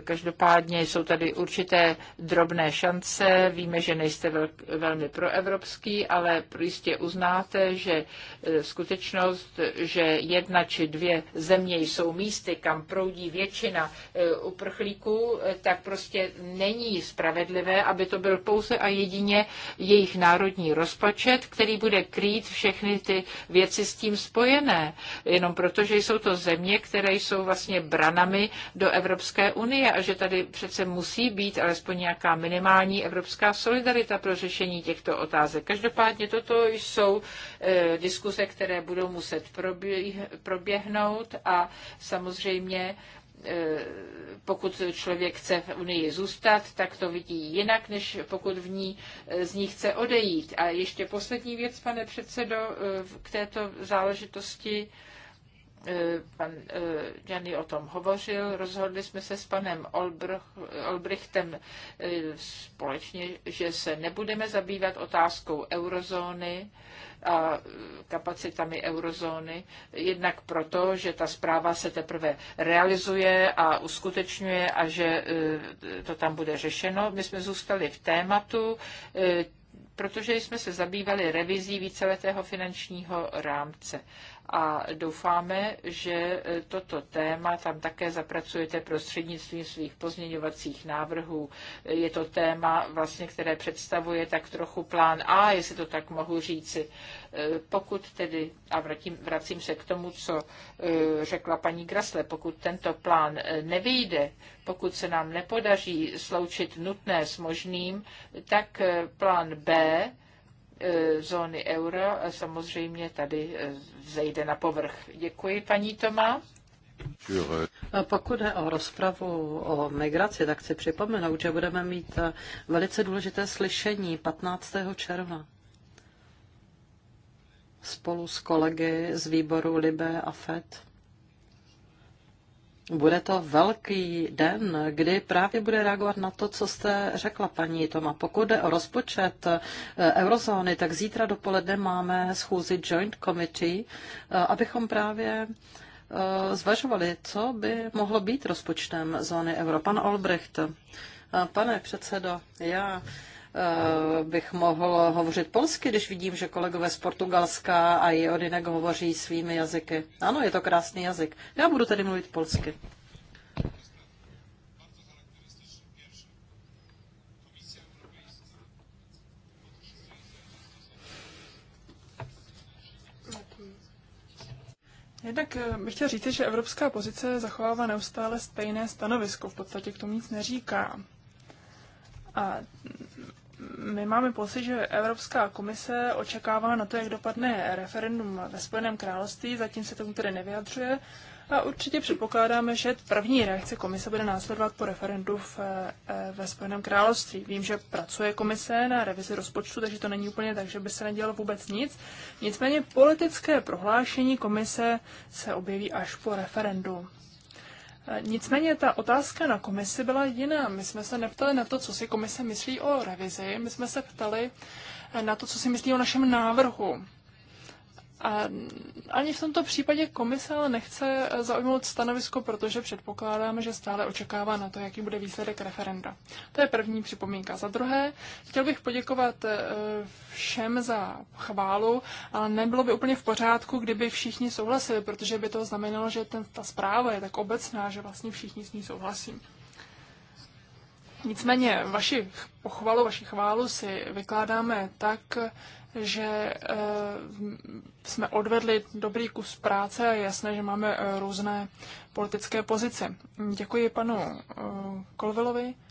Každopádně jsou tady určité drobné šance. Víme, že nejste velmi proevropský, ale jistě uznáte, že e, skutečnost, že jedna či dvě země jsou místy, kam proudí většina e, uprchlíků, e, tak prostě není spravedlivé, aby to byl pouze a jedině jejich národní rozpočet, který bude krýt všechny ty věci s tím spojené. Jenom proto, že jsou to země, které jsou vlastně branami do Evropské unie unie a že tady přece musí být alespoň nějaká minimální evropská solidarita pro řešení těchto otázek. Každopádně toto jsou e, diskuse, které budou muset proběhnout a samozřejmě e, pokud člověk chce v Unii zůstat, tak to vidí jinak, než pokud v ní, e, z ní chce odejít. A ještě poslední věc, pane předsedo, k této záležitosti Eh, pan Jany eh, o tom hovořil, rozhodli jsme se s panem Olbrichtem eh, společně, že se nebudeme zabývat otázkou eurozóny a kapacitami eurozóny, jednak proto, že ta zpráva se teprve realizuje a uskutečňuje a že to tam bude řešeno. My jsme zůstali v tématu, protože jsme se zabývali revizí víceletého finančního rámce a doufáme, že e, toto téma tam také zapracujete prostřednictvím svých pozměňovacích návrhů. E, je to téma, vlastně, které představuje tak trochu plán A, jestli to tak mohu říci. E, pokud tedy, a vracím, vracím se k tomu, co řekla paní Grasle, pokud tento plán nevyjde, pokud se nám nepodaří sloučit nutné s možným, tak plán B Eh, zóny euro a samozřejmě tady eh, zejde na povrch. Děkuji, paní Toma. Pokud jde o rozpravu o migraci, tak chci připomenout, že budeme mít eh, velice důležité slyšení 15. června spolu s kolegy z výboru Libe a FED bude to velký den, kdy právě bude reagovat na to, co jste řekla, paní Toma. Pokud jde o rozpočet eh, eurozóny, tak zítra dopoledne máme schůzi Joint Committee, eh, abychom právě eh, zvažovali, co by mohlo být rozpočtem zóny euro. Pan Olbrecht, pane předsedo, já Eh, bych mohl hovořit polsky, když vidím, že kolegové z Portugalska a i jinak hovoří svými jazyky. Ano, je to krásný jazyk. Já budu tedy mluvit polsky. Jednak eh, bych chtěl říct, že evropská pozice zachovává neustále stejné stanovisko, v podstatě k tomu nic neříká. A my máme pocit, že Evropská komise očekává na to, jak dopadne referendum ve Spojeném království, zatím se tomu tedy nevyjadřuje. A určitě předpokládáme, že první reakce komise bude následovat po referendu v, e, ve Spojeném království. Vím, že pracuje komise na revizi rozpočtu, takže to není úplně tak, že by se nedělalo vůbec nic. Nicméně politické prohlášení komise se objeví až po referendu. Nicméně ta otázka na komisi byla jiná. My jsme se neptali na to, co si komise myslí o revizi, my jsme se ptali eh, na to, co si myslí o našem návrhu. A ani v tomto případě komise ale nechce eh, zaujmout stanovisko, protože předpokládáme, že stále očekává na to, jaký bude výsledek referenda. To je první připomínka. Za druhé, chtěl bych poděkovat eh, všem za chválu, ale nebylo by úplně v pořádku, kdyby všichni souhlasili, protože by to znamenalo, že ten, ta zpráva je tak obecná, že vlastně všichni s ní souhlasí. Nicméně vaši pochvalu, vaši chválu si vykládáme tak, že eh, jsme odvedli dobrý kus práce a je jasné, že máme eh, různé politické pozice. Děkuji panu Kolvilovi, eh,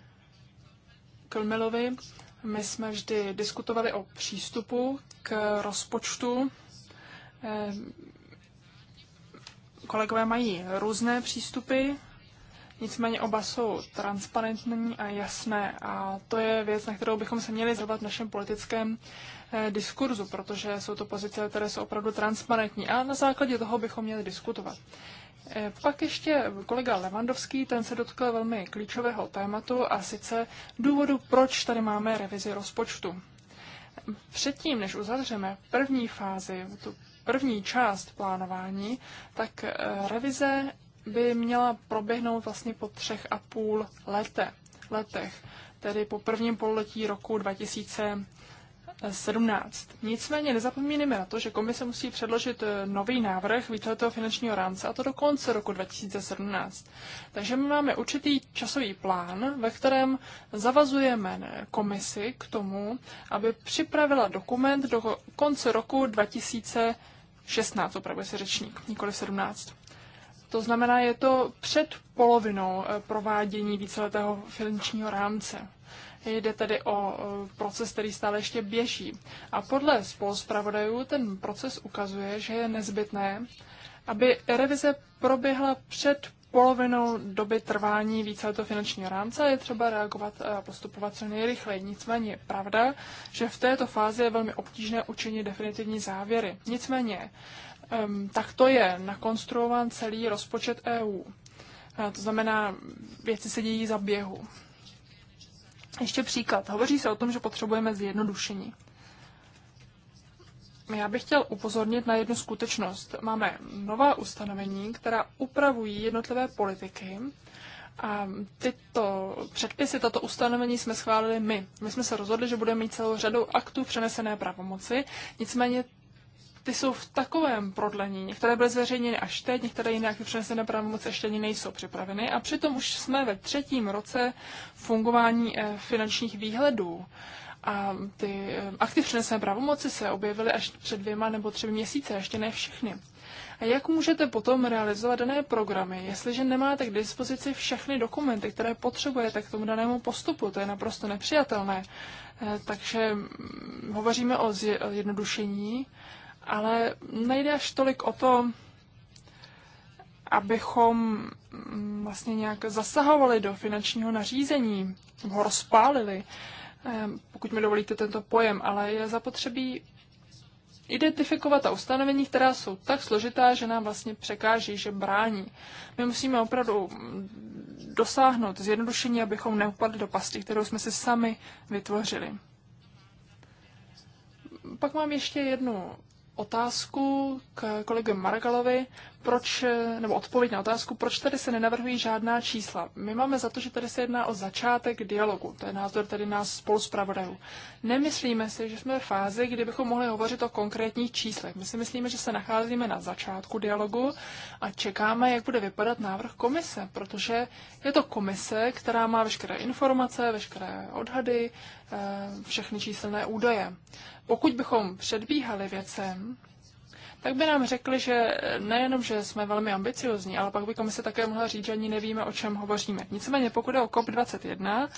Kolmilovi. My jsme vždy diskutovali o přístupu k rozpočtu. Kolegové mají různé přístupy, Nicméně oba jsou transparentní a jasné a to je věc, na kterou bychom se měli zhrovat v našem politickém Eh, diskurzu, protože jsou to pozice, které jsou opravdu transparentní a na základě toho bychom měli diskutovat. Eh, pak ještě kolega Levandovský, ten se dotkl velmi klíčového tématu a sice důvodu, proč tady máme revizi rozpočtu. Předtím, než uzavřeme první fázi, tu první část plánování, tak eh, revize by měla proběhnout vlastně po třech a půl lete, letech, tedy po prvním pololetí roku 2000. 17. Nicméně nezapomínáme na to, že komise musí předložit eh, nový návrh víceletého finančního rámce, a to do konce roku 2017. Takže my máme určitý časový plán, ve kterém zavazujeme komisi k tomu, aby připravila dokument do konce roku 2016, opravuje se řečník, nikoli 17. To znamená, je to před polovinou eh, provádění víceletého finančního rámce. Jde tedy o proces, který stále ještě běží. A podle spoluzpravodajů ten proces ukazuje, že je nezbytné, aby revize proběhla před polovinou doby trvání víceletého finančního rámce je třeba reagovat a postupovat co nejrychleji. Nicméně je pravda, že v této fázi je velmi obtížné učinit definitivní závěry. Nicméně, tak to je nakonstruován celý rozpočet EU. To znamená, věci se dějí za běhu. Ještě příklad. Hovoří se o tom, že potřebujeme zjednodušení. Já bych chtěl upozornit na jednu skutečnost. Máme nová ustanovení, která upravují jednotlivé politiky a tyto předpisy, tato ustanovení jsme schválili my. My jsme se rozhodli, že budeme mít celou řadu aktů přenesené pravomoci, nicméně ty jsou v takovém prodlení. Některé byly zveřejněny až teď, některé jinak přenesené pravomoci ještě ani nejsou připraveny. A přitom už jsme ve třetím roce fungování eh, finančních výhledů. A ty eh, akty přenesené pravomoci se objevily až před dvěma nebo třemi měsíce, ještě ne všechny. A jak můžete potom realizovat dané programy, jestliže nemáte k dispozici všechny dokumenty, které potřebujete k tomu danému postupu? To je naprosto nepřijatelné. Eh, takže hm, hovoříme o zjednodušení, ale nejde až tolik o to, abychom mm, vlastně nějak zasahovali do finančního nařízení, ho rozpálili, ehm, pokud mi dovolíte tento pojem, ale je zapotřebí identifikovat ta ustanovení, která jsou tak složitá, že nám vlastně překáží, že brání. My musíme opravdu mm, dosáhnout zjednodušení, abychom neupadli do pasti, kterou jsme si sami vytvořili. Pak mám ještě jednu otázku k kolegovi Margalovi, proč, nebo odpověď na otázku, proč tady se nenavrhují žádná čísla. My máme za to, že tady se jedná o začátek dialogu. To je názor tady nás spolu zpravodajů. Nemyslíme si, že jsme v fázi, kdy bychom mohli hovořit o konkrétních číslech. My si myslíme, že se nacházíme na začátku dialogu a čekáme, jak bude vypadat návrh komise, protože je to komise, která má veškeré informace, veškeré odhady, eh, všechny číselné údaje pokud bychom předbíhali věcem, tak by nám řekli, že nejenom, že jsme velmi ambiciozní, ale pak bychom se také mohla říct, že ani nevíme, o čem hovoříme. Nicméně, pokud je o COP21,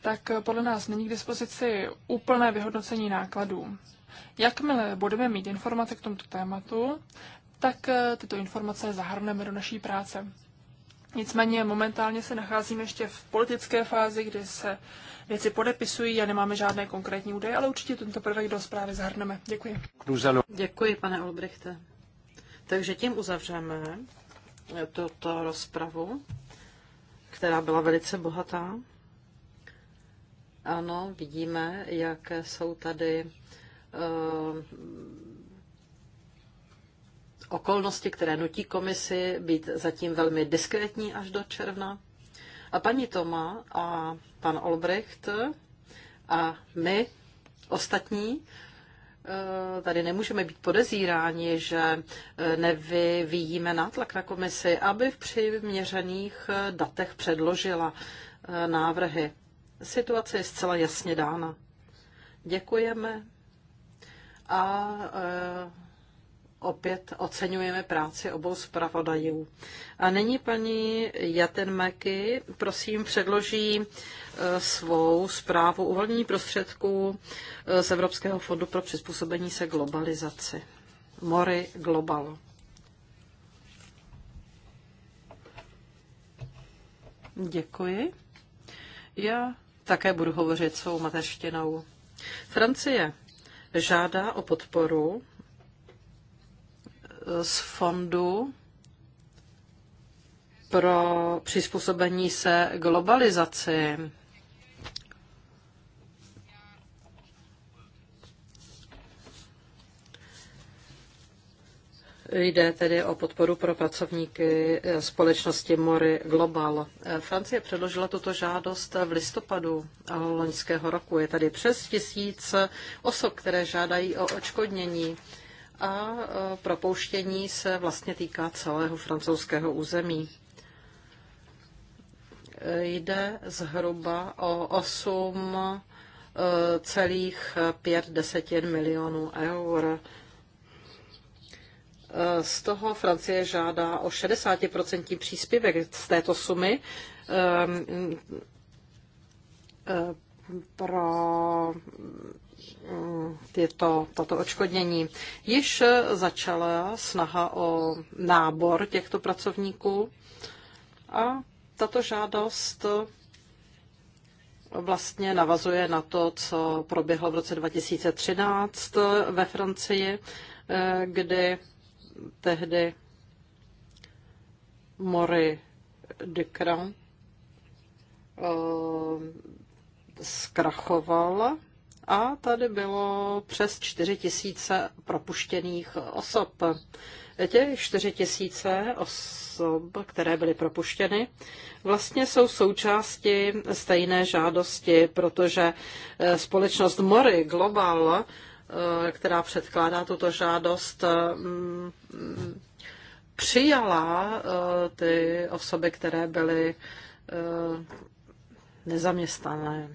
tak podle nás není k dispozici úplné vyhodnocení nákladů. Jakmile budeme mít informace k tomuto tématu, tak tyto informace zahrneme do naší práce. Nicméně momentálně se nacházíme ještě v politické fázi, kdy se věci podepisují a nemáme žádné konkrétní údaje, ale určitě tento prvek do zprávy zahrneme. Děkuji. Děkuji, pane Olbrichte. Takže tím uzavřeme tuto rozpravu, která byla velice bohatá. Ano, vidíme, jak jsou tady eh, okolnosti, které nutí komisi být zatím velmi diskrétní až do června. A paní Toma a pan Olbrecht a my ostatní eh, tady nemůžeme být podezíráni, že eh, nevyvíjíme nátlak na komisi, aby v přiměřených eh, datech předložila návrhy. Situace je zcela jasně dána. Děkujeme a opět oceňujeme práci obou zpravodajů. A nyní paní Jatenmeky, prosím, předloží e, svou zprávu uvolnění prostředků e, z Evropského fondu pro přizpůsobení se globalizaci. Mori Global. Děkuji. Já také budu hovořit svou mateřštinou. Francie žádá o podporu z fondu pro přizpůsobení se globalizaci. Jde tedy o podporu pro pracovníky společnosti Mori Global. Francie předložila tuto žádost v listopadu loňského roku. Je tady přes tisíc osob, které žádají o očkodnění a e, propouštění se vlastně týká celého francouzského území. Jde zhruba o 8,5 e, celých pět desetin milionů eur. E, z toho Francie žádá o 60% příspěvek z této sumy pro tyto, tato očkodnění. Již začala snaha o nábor těchto pracovníků a tato žádost vlastně navazuje na to, co proběhlo v roce 2013 ve Francii, kdy tehdy Mori Ducran eh, zkrachoval a tady bylo přes 4 tisíce propuštěných osob. Těch 4 tisíce osob, které byly propuštěny, vlastně jsou součástí stejné žádosti, protože eh, společnost Mori Global, eh, která předkládá tuto žádost, mm, přijala eh, ty osoby, které byly nezaměstnané.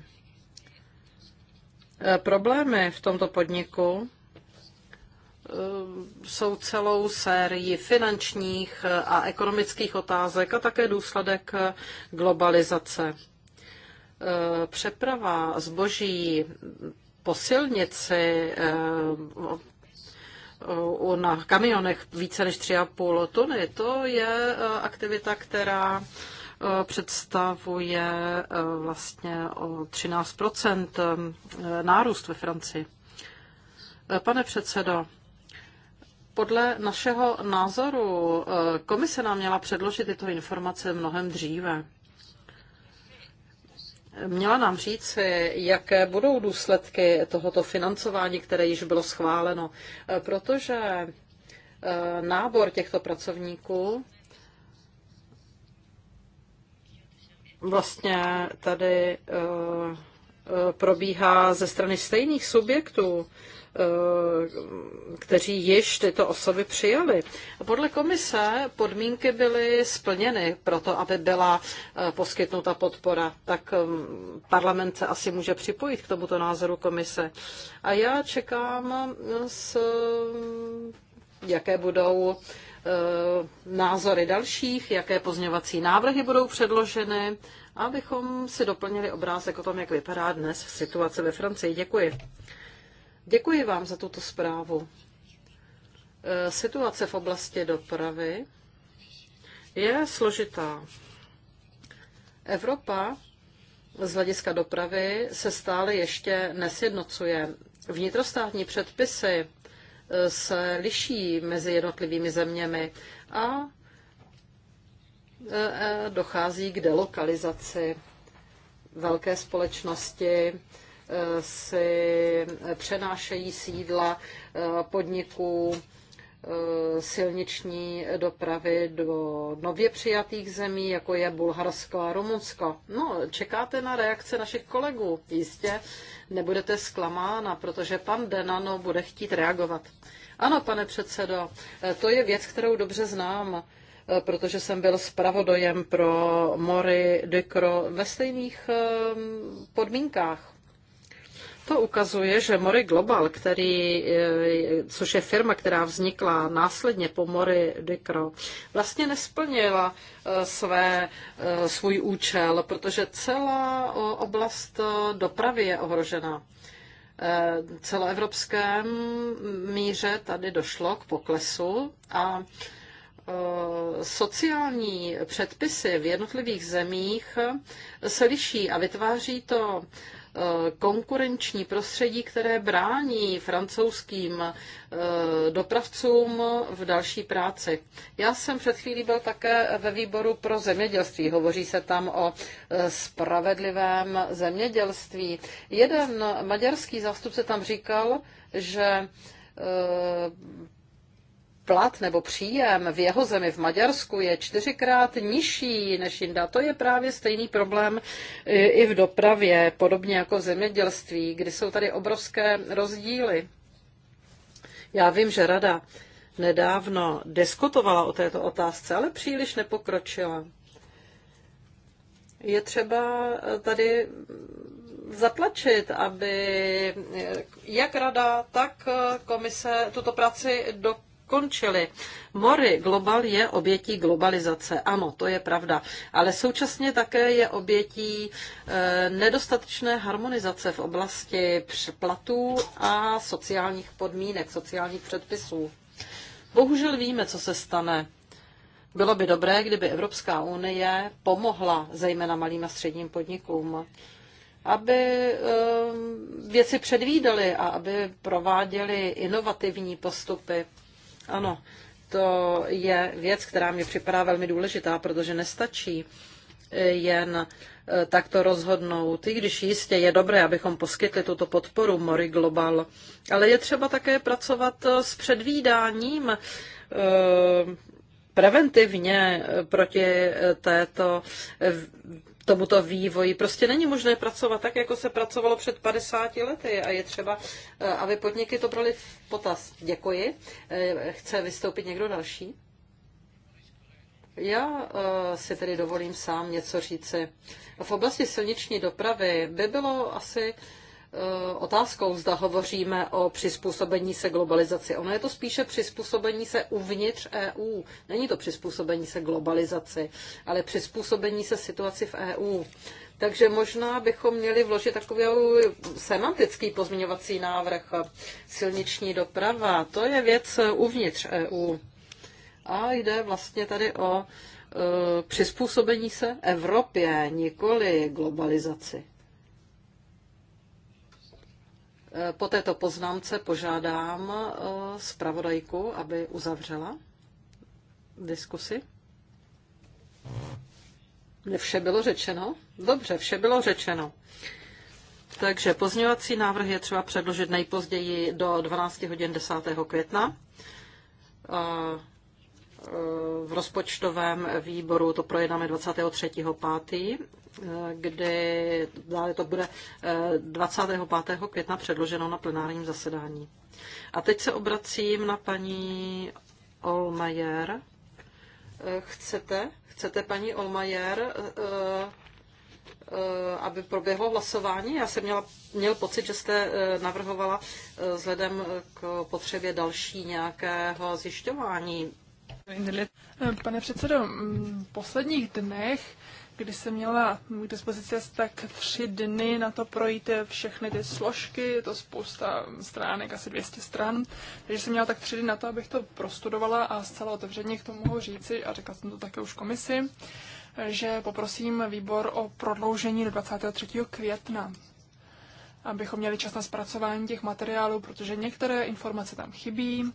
Eh, problémy v tomto podniku eh, jsou celou sérii finančních eh, a ekonomických otázek a také důsledek globalizace. Přeprava zboží po silnici na kamionech více než 3,5 tuny, to je aktivita, která Eh, představuje eh, vlastně o 13 eh, nárůst ve Francii. Pane předsedo, podle našeho názoru komise nám měla předložit tyto informace mnohem dříve. Měla nám říci, jaké budou důsledky tohoto financování, které již bylo schváleno, protože nábor těchto pracovníků vlastně tady eh, probíhá ze strany stejných subjektů, eh, kteří již tyto osoby přijali. Podle komise podmínky byly splněny pro to, aby byla eh, poskytnuta podpora. Tak mm, parlament se asi může připojit k tomuto názoru komise. A já čekám, s, mm, jaké budou Eh, názory dalších, jaké pozměňovací návrhy budou předloženy, abychom si doplnili obrázek o tom, jak vypadá dnes situace ve Francii. Děkuji. Děkuji vám za tuto zprávu. Eh, situace v oblasti dopravy je složitá. Evropa z hlediska dopravy se stále ještě nesjednocuje. Vnitrostátní předpisy se liší mezi jednotlivými zeměmi a e, e, dochází k delokalizaci. Velké společnosti e, si přenášejí sídla podniků Eh, silniční dopravy do nově přijatých zemí, jako je Bulharsko a Rumunsko. No, čekáte na reakce našich kolegů, jistě nebudete zklamána, protože pan Denano bude chtít reagovat. Ano, pane předsedo, eh, to je věc, kterou dobře znám, eh, protože jsem byl zpravodojem pro Mori Dekro ve stejných podmínkách. To ukazuje, že Mori Global, který, e, což je firma, která vznikla následně po Mori Dikro, vlastně nesplnila e, své, e, svůj účel, protože celá oblast dopravy je ohrožena celoevropském míře tady došlo k poklesu a sociální předpisy v jednotlivých zemích se liší a vytváří to Eh, konkurenční prostředí, které brání francouzským eh, dopravcům v další práci. Já jsem před chvílí byl také ve výboru pro zemědělství. Hovoří se tam o eh, spravedlivém zemědělství. Jeden maďarský zástupce tam říkal, že plat nebo příjem v jeho zemi, v Maďarsku, je čtyřikrát nižší než jinda. To je právě stejný problém i v dopravě, podobně jako v zemědělství, kdy jsou tady obrovské rozdíly. Já vím, že rada nedávno diskutovala o této otázce, ale příliš nepokročila. Je třeba tady zatlačit, aby jak rada, tak komise tuto práci do, končily. Mori Global je obětí globalizace, ano, to je pravda, ale současně také je obětí eh, nedostatečné harmonizace v oblasti platů a sociálních podmínek, sociálních předpisů. Bohužel víme, co se stane. Bylo by dobré, kdyby Evropská unie pomohla zejména malým a středním podnikům, aby eh, věci předvídali a aby prováděli inovativní postupy. Ano, to je věc, která mě připadá velmi důležitá, protože nestačí jen eh, takto rozhodnout, i když jistě je dobré, abychom poskytli tuto podporu Mori Global, ale je třeba také pracovat eh, s předvídáním eh, preventivně proti této tomuto vývoji. Prostě není možné pracovat tak, jako se pracovalo před 50 lety a je třeba, eh, aby podniky to brali v potaz. Děkuji. Eh, chce vystoupit někdo další? Já eh, si tedy dovolím sám něco říci. V oblasti silniční dopravy by bylo asi Eh, otázkou, zda hovoříme o přizpůsobení se globalizaci. Ono je to spíše přizpůsobení se uvnitř EU. Není to přizpůsobení se globalizaci, ale přizpůsobení se situaci v EU. Takže možná bychom měli vložit takový semantický pozměňovací návrh. Silniční doprava, to je věc uvnitř EU. A jde vlastně tady o e, přizpůsobení se Evropě, nikoli globalizaci. Po této poznámce požádám eh, zpravodajku, aby uzavřela diskusi. Vše bylo řečeno? Dobře, vše bylo řečeno. Takže pozměňovací návrh je třeba předložit nejpozději do 12 hodin 10. května. Eh, v rozpočtovém výboru to projednáme 23.5., eh, kdy dále to bude 25. Eh, května předloženo na plenárním zasedání. A teď se obracím na paní Olmajer. Eh, chcete, chcete paní Olmajer, aby proběhlo hlasování? Já jsem měla, měl pocit, že jste navrhovala vzhledem k potřebě další nějakého zjišťování Pane předsedo, v mm, posledních dnech, kdy jsem měla k dispozici tak tři dny na to projít všechny ty složky, je to spousta stránek, asi 200 stran, takže jsem měla tak tři dny na to, abych to prostudovala a zcela otevřeně k tomu mohu říci, a řekla jsem to také už komisi, že poprosím výbor o prodloužení do 23. května abychom měli čas na zpracování těch materiálů, protože některé informace tam chybí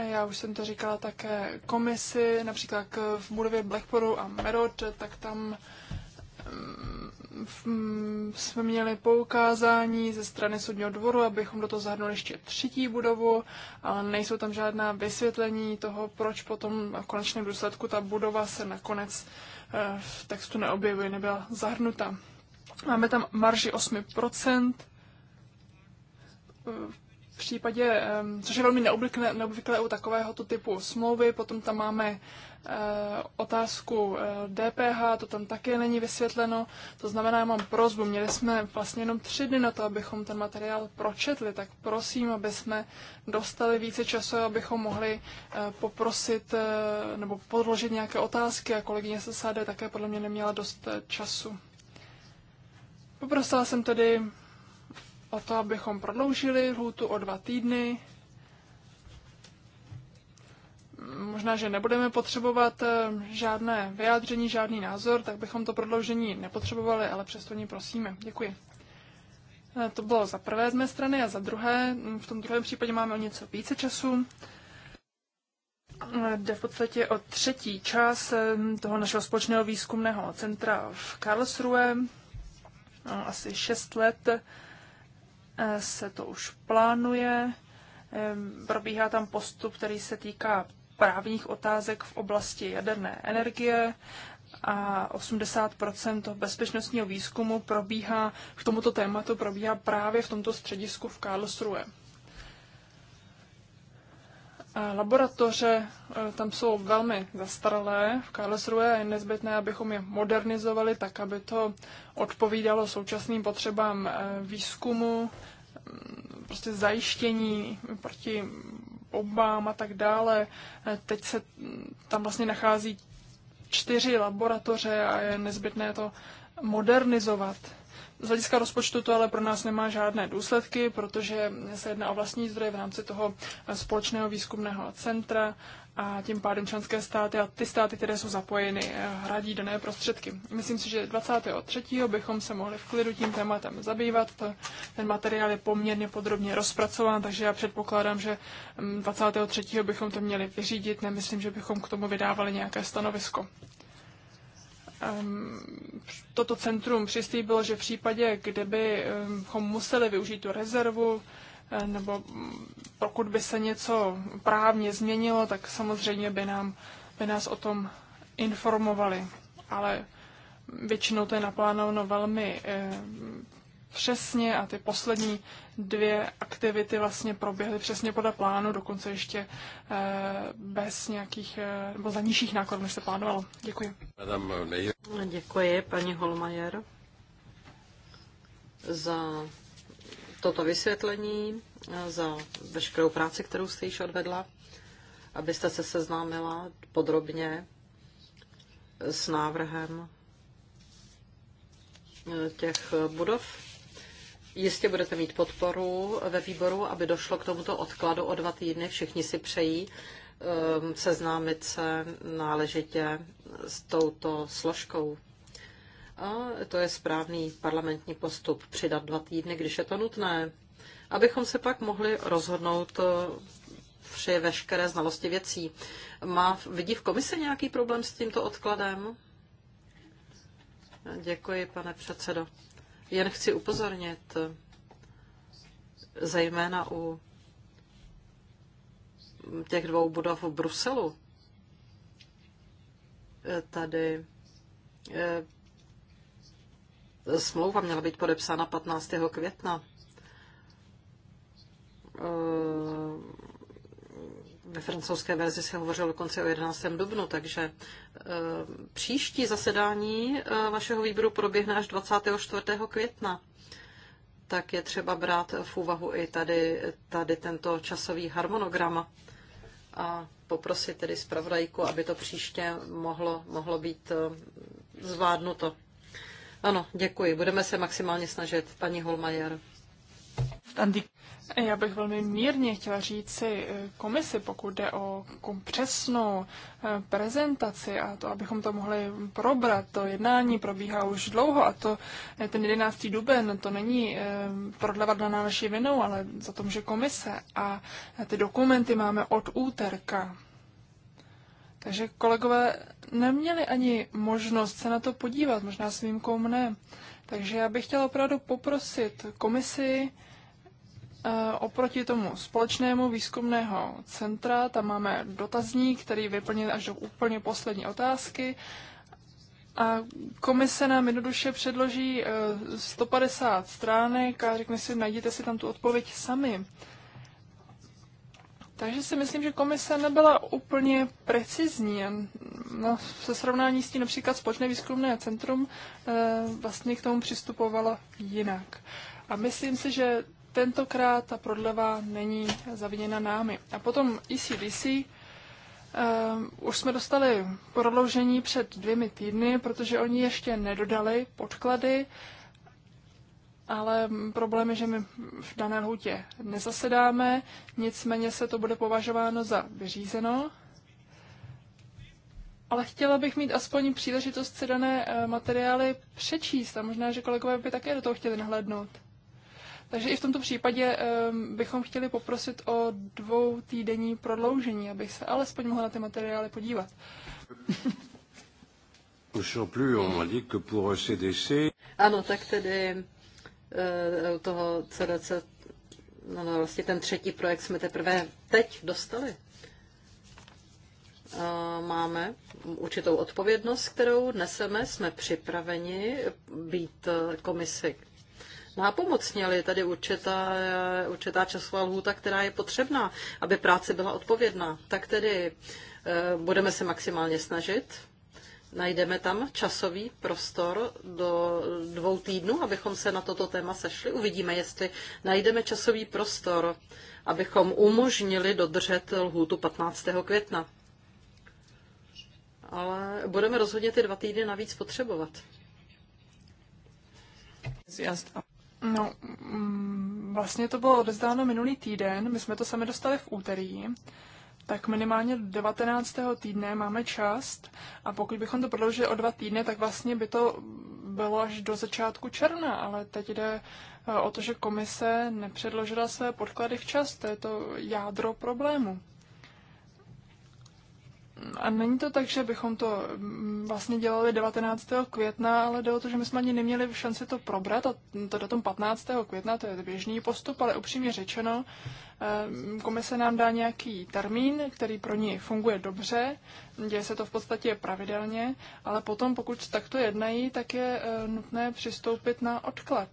já už jsem to říkala také komisi, například v budově Blackporu a Merod, tak tam mm, mm, jsme měli poukázání ze strany soudního dvoru, abychom do toho zahrnuli ještě třetí budovu, ale nejsou tam žádná vysvětlení toho, proč potom v konečném důsledku ta budova se nakonec eh, v textu neobjevuje, nebyla zahrnuta. Máme tam marži 8%, v případě, což je velmi neobvyklé, neobvyklé u takovéhoto typu smlouvy, potom tam máme eh, otázku DPH, eh, to tam také není vysvětleno, to znamená, já mám prozbu, měli jsme vlastně jenom tři dny na to, abychom ten materiál pročetli, tak prosím, aby jsme dostali více času, abychom mohli eh, poprosit nebo podložit nějaké otázky a kolegyně se také podle mě neměla dost času. Poprosila jsem tedy o to, abychom prodloužili lhůtu o dva týdny. Možná, že nebudeme potřebovat eh, žádné vyjádření, žádný názor, tak bychom to prodloužení nepotřebovali, ale přesto ní prosíme. Děkuji. Eh, to bylo za prvé z mé strany a za druhé, hm, v tom druhém případě máme o něco více času. Eh, jde v podstatě o třetí čas hm, toho našeho společného výzkumného centra v Karlsruhe. No, asi šest let Eh, se to už plánuje. Probíhá tam postup, který se týká právních otázek v oblasti jaderné energie a 80 toho bezpečnostního výzkumu probíhá, k tomuto tématu probíhá právě v tomto středisku v Karlsruhe. Laboratoře e, tam jsou velmi zastaralé v Karlsruhe a je nezbytné, abychom je modernizovali tak, aby to odpovídalo současným potřebám e, výzkumu, prostě zajištění proti obám a tak dále. E, teď se tam vlastně nachází čtyři laboratoře a je nezbytné to modernizovat. Z hlediska rozpočtu to ale pro nás nemá žádné důsledky, protože se jedná o vlastní zdroje v rámci toho společného výzkumného centra a tím pádem členské státy a ty státy, které jsou zapojeny, eh, hradí dané prostředky. Myslím si, že 23. bychom se mohli v klidu tím tématem zabývat. Ten materiál je poměrně podrobně rozpracován, takže já předpokládám, že 23. Mm, bychom to měli vyřídit. Nemyslím, že bychom k tomu vydávali nějaké stanovisko. Ehm, toto centrum přislíbilo, že v případě, kdybychom ehm, museli využít tu rezervu, eh, nebo pokud by se něco právně změnilo, tak samozřejmě by, nám, by nás o tom informovali. Ale většinou to je naplánováno velmi ehm, přesně a ty poslední dvě aktivity vlastně proběhly přesně podle plánu, dokonce ještě eh, bez nějakých, eh, nebo za nižších nákladů, než se plánovalo. Děkuji. Děkuji, paní Holmajer, za toto vysvětlení, za veškerou práci, kterou jste již odvedla, abyste se seznámila podrobně s návrhem eh, těch budov. Jistě budete mít podporu ve výboru, aby došlo k tomuto odkladu o dva týdny. Všichni si přejí um, seznámit se náležitě s touto složkou. A to je správný parlamentní postup přidat dva týdny, když je to nutné, abychom se pak mohli rozhodnout uh, při veškeré znalosti věcí. Má, vidí v komise nějaký problém s tímto odkladem? Děkuji, pane předsedo. Jen chci upozornit, zejména u těch dvou budov v Bruselu, tady eh, smlouva měla být podepsána 15. května. Eh, ve francouzské verzi se hovořilo dokonce o 11. dubnu, takže eh, příští zasedání eh, vašeho výboru proběhne až 24. května. Tak je třeba brát v úvahu i tady, tady tento časový harmonogram a poprosit tedy zpravodajku, aby to příště mohlo, mohlo být eh, zvládnuto. Ano, děkuji. Budeme se maximálně snažit, paní Holmajer. Já bych velmi mírně chtěla říci eh, komisi, pokud jde o přesnou eh, prezentaci a to, abychom to mohli probrat. To jednání probíhá už dlouho a to eh, ten 11. duben, to není prodlevat na naší vinou, ale za to může komise. A ty dokumenty máme od úterka. Takže kolegové neměli ani možnost se na to podívat, možná s výjimkou mne. Takže já bych chtěla opravdu poprosit komisi, Eh, oproti tomu společnému výzkumného centra, tam máme dotazník, který vyplnil až do úplně poslední otázky. A komise nám jednoduše předloží 150 eh, stránek a řekne si, najděte si tam tu odpověď sami. Takže si myslím, že komise nebyla úplně precizní. No, se srovnání s tím například Společné výzkumné centrum eh, vlastně k tomu přistupovalo jinak. A myslím si, že tentokrát ta prodleva není zaviněna námi. A potom ECDC, Um, ehm, už jsme dostali prodloužení před dvěmi týdny, protože oni ještě nedodali podklady, ale problém je, že my v dané lhutě nezasedáme, nicméně se to bude považováno za vyřízeno. Ale chtěla bych mít aspoň příležitost si dané eh, materiály přečíst a možná, že kolegové by také do toho chtěli nahlédnout. Takže i v tomto případě ehm, bychom chtěli poprosit o dvou týdenní prodloužení, abych se alespoň mohla na ty materiály podívat. Ano, tak tedy uh, toho CDC, no, no vlastně ten třetí projekt jsme teprve teď dostali. Eh, máme určitou odpovědnost, kterou neseme, jsme připraveni být eh, komisi nápomocně, ale je tady určitá, určitá časová lhůta, která je potřebná, aby práce byla odpovědná. Tak tedy eh, budeme se maximálně snažit. Najdeme tam časový prostor do dvou týdnů, abychom se na toto téma sešli. Uvidíme, jestli najdeme časový prostor, abychom umožnili dodržet lhůtu 15. května. Ale budeme rozhodně ty dva týdny navíc potřebovat. No, mm, vlastně to bylo odezdáno minulý týden, my jsme to sami dostali v úterý, tak minimálně do 19. týdne máme čas a pokud bychom to prodloužili o dva týdny, tak vlastně by to bylo až do začátku června, ale teď jde eh, o to, že komise nepředložila své podklady včas, to je to jádro problému a není to tak, že bychom to mm, vlastně dělali 19. května, ale jde o to, že my jsme ani neměli šanci to probrat a to datum 15. května, to je běžný postup, ale upřímně řečeno, eh, komise nám dá nějaký termín, který pro ní funguje dobře, děje se to v podstatě pravidelně, ale potom, pokud takto jednají, tak je eh, nutné přistoupit na odklad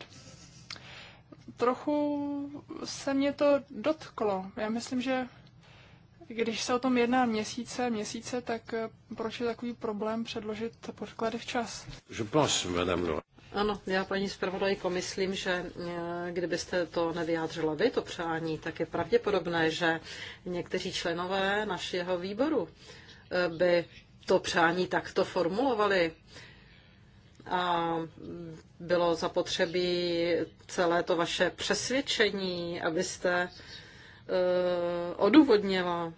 trochu se mě to dotklo. Já myslím, že když se o tom jedná měsíce, měsíce, tak eh, proč je takový problém předložit podklady včas? Je pense, madame Ano, já paní zpravodajko myslím, že eh, kdybyste to nevyjádřila vy, to přání, tak je pravděpodobné, že někteří členové našeho výboru eh, by to přání takto formulovali a mm, bylo zapotřebí celé to vaše přesvědčení, abyste Eh, odůvodnila.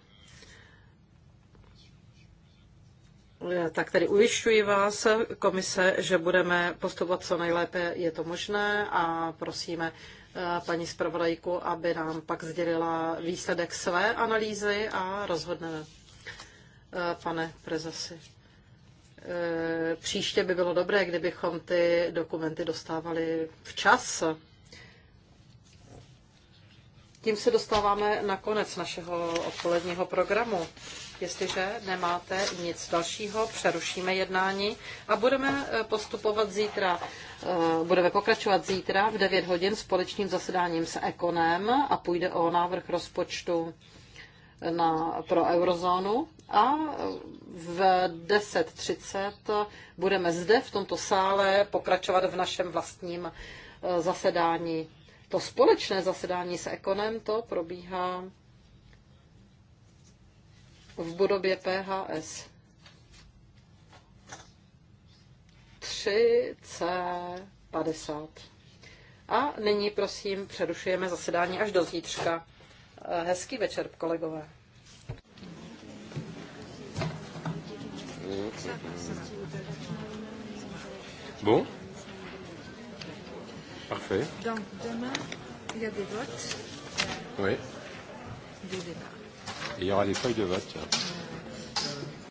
Tak tedy ujišťuji vás, komise, že budeme postupovat co nejlépe je to možné a prosíme eh, paní zpravodajku, aby nám pak sdělila výsledek své analýzy a rozhodneme. Eh, pane Prezasi, příště by bylo dobré, kdybychom ty dokumenty dostávali včas. Tím se dostáváme na konec našeho odpoledního programu. Jestliže nemáte nic dalšího, přerušíme jednání a budeme eh, postupovat zítra. Eh, budeme pokračovat zítra v 9 hodin společným zasedáním s Ekonem a půjde o návrh rozpočtu na, pro eurozónu a eh, v 10.30 budeme zde v tomto sále pokračovat v našem vlastním zasedání to společné zasedání s Ekonem, to probíhá v budově PHS. 3C50. A nyní prosím přerušujeme zasedání až do zítřka. Eh, hezký večer, kolegové. Bon. Parfait. Donc demain, il y a des votes. Oui. Des débats. Et il y aura des feuilles de vote. Mmh.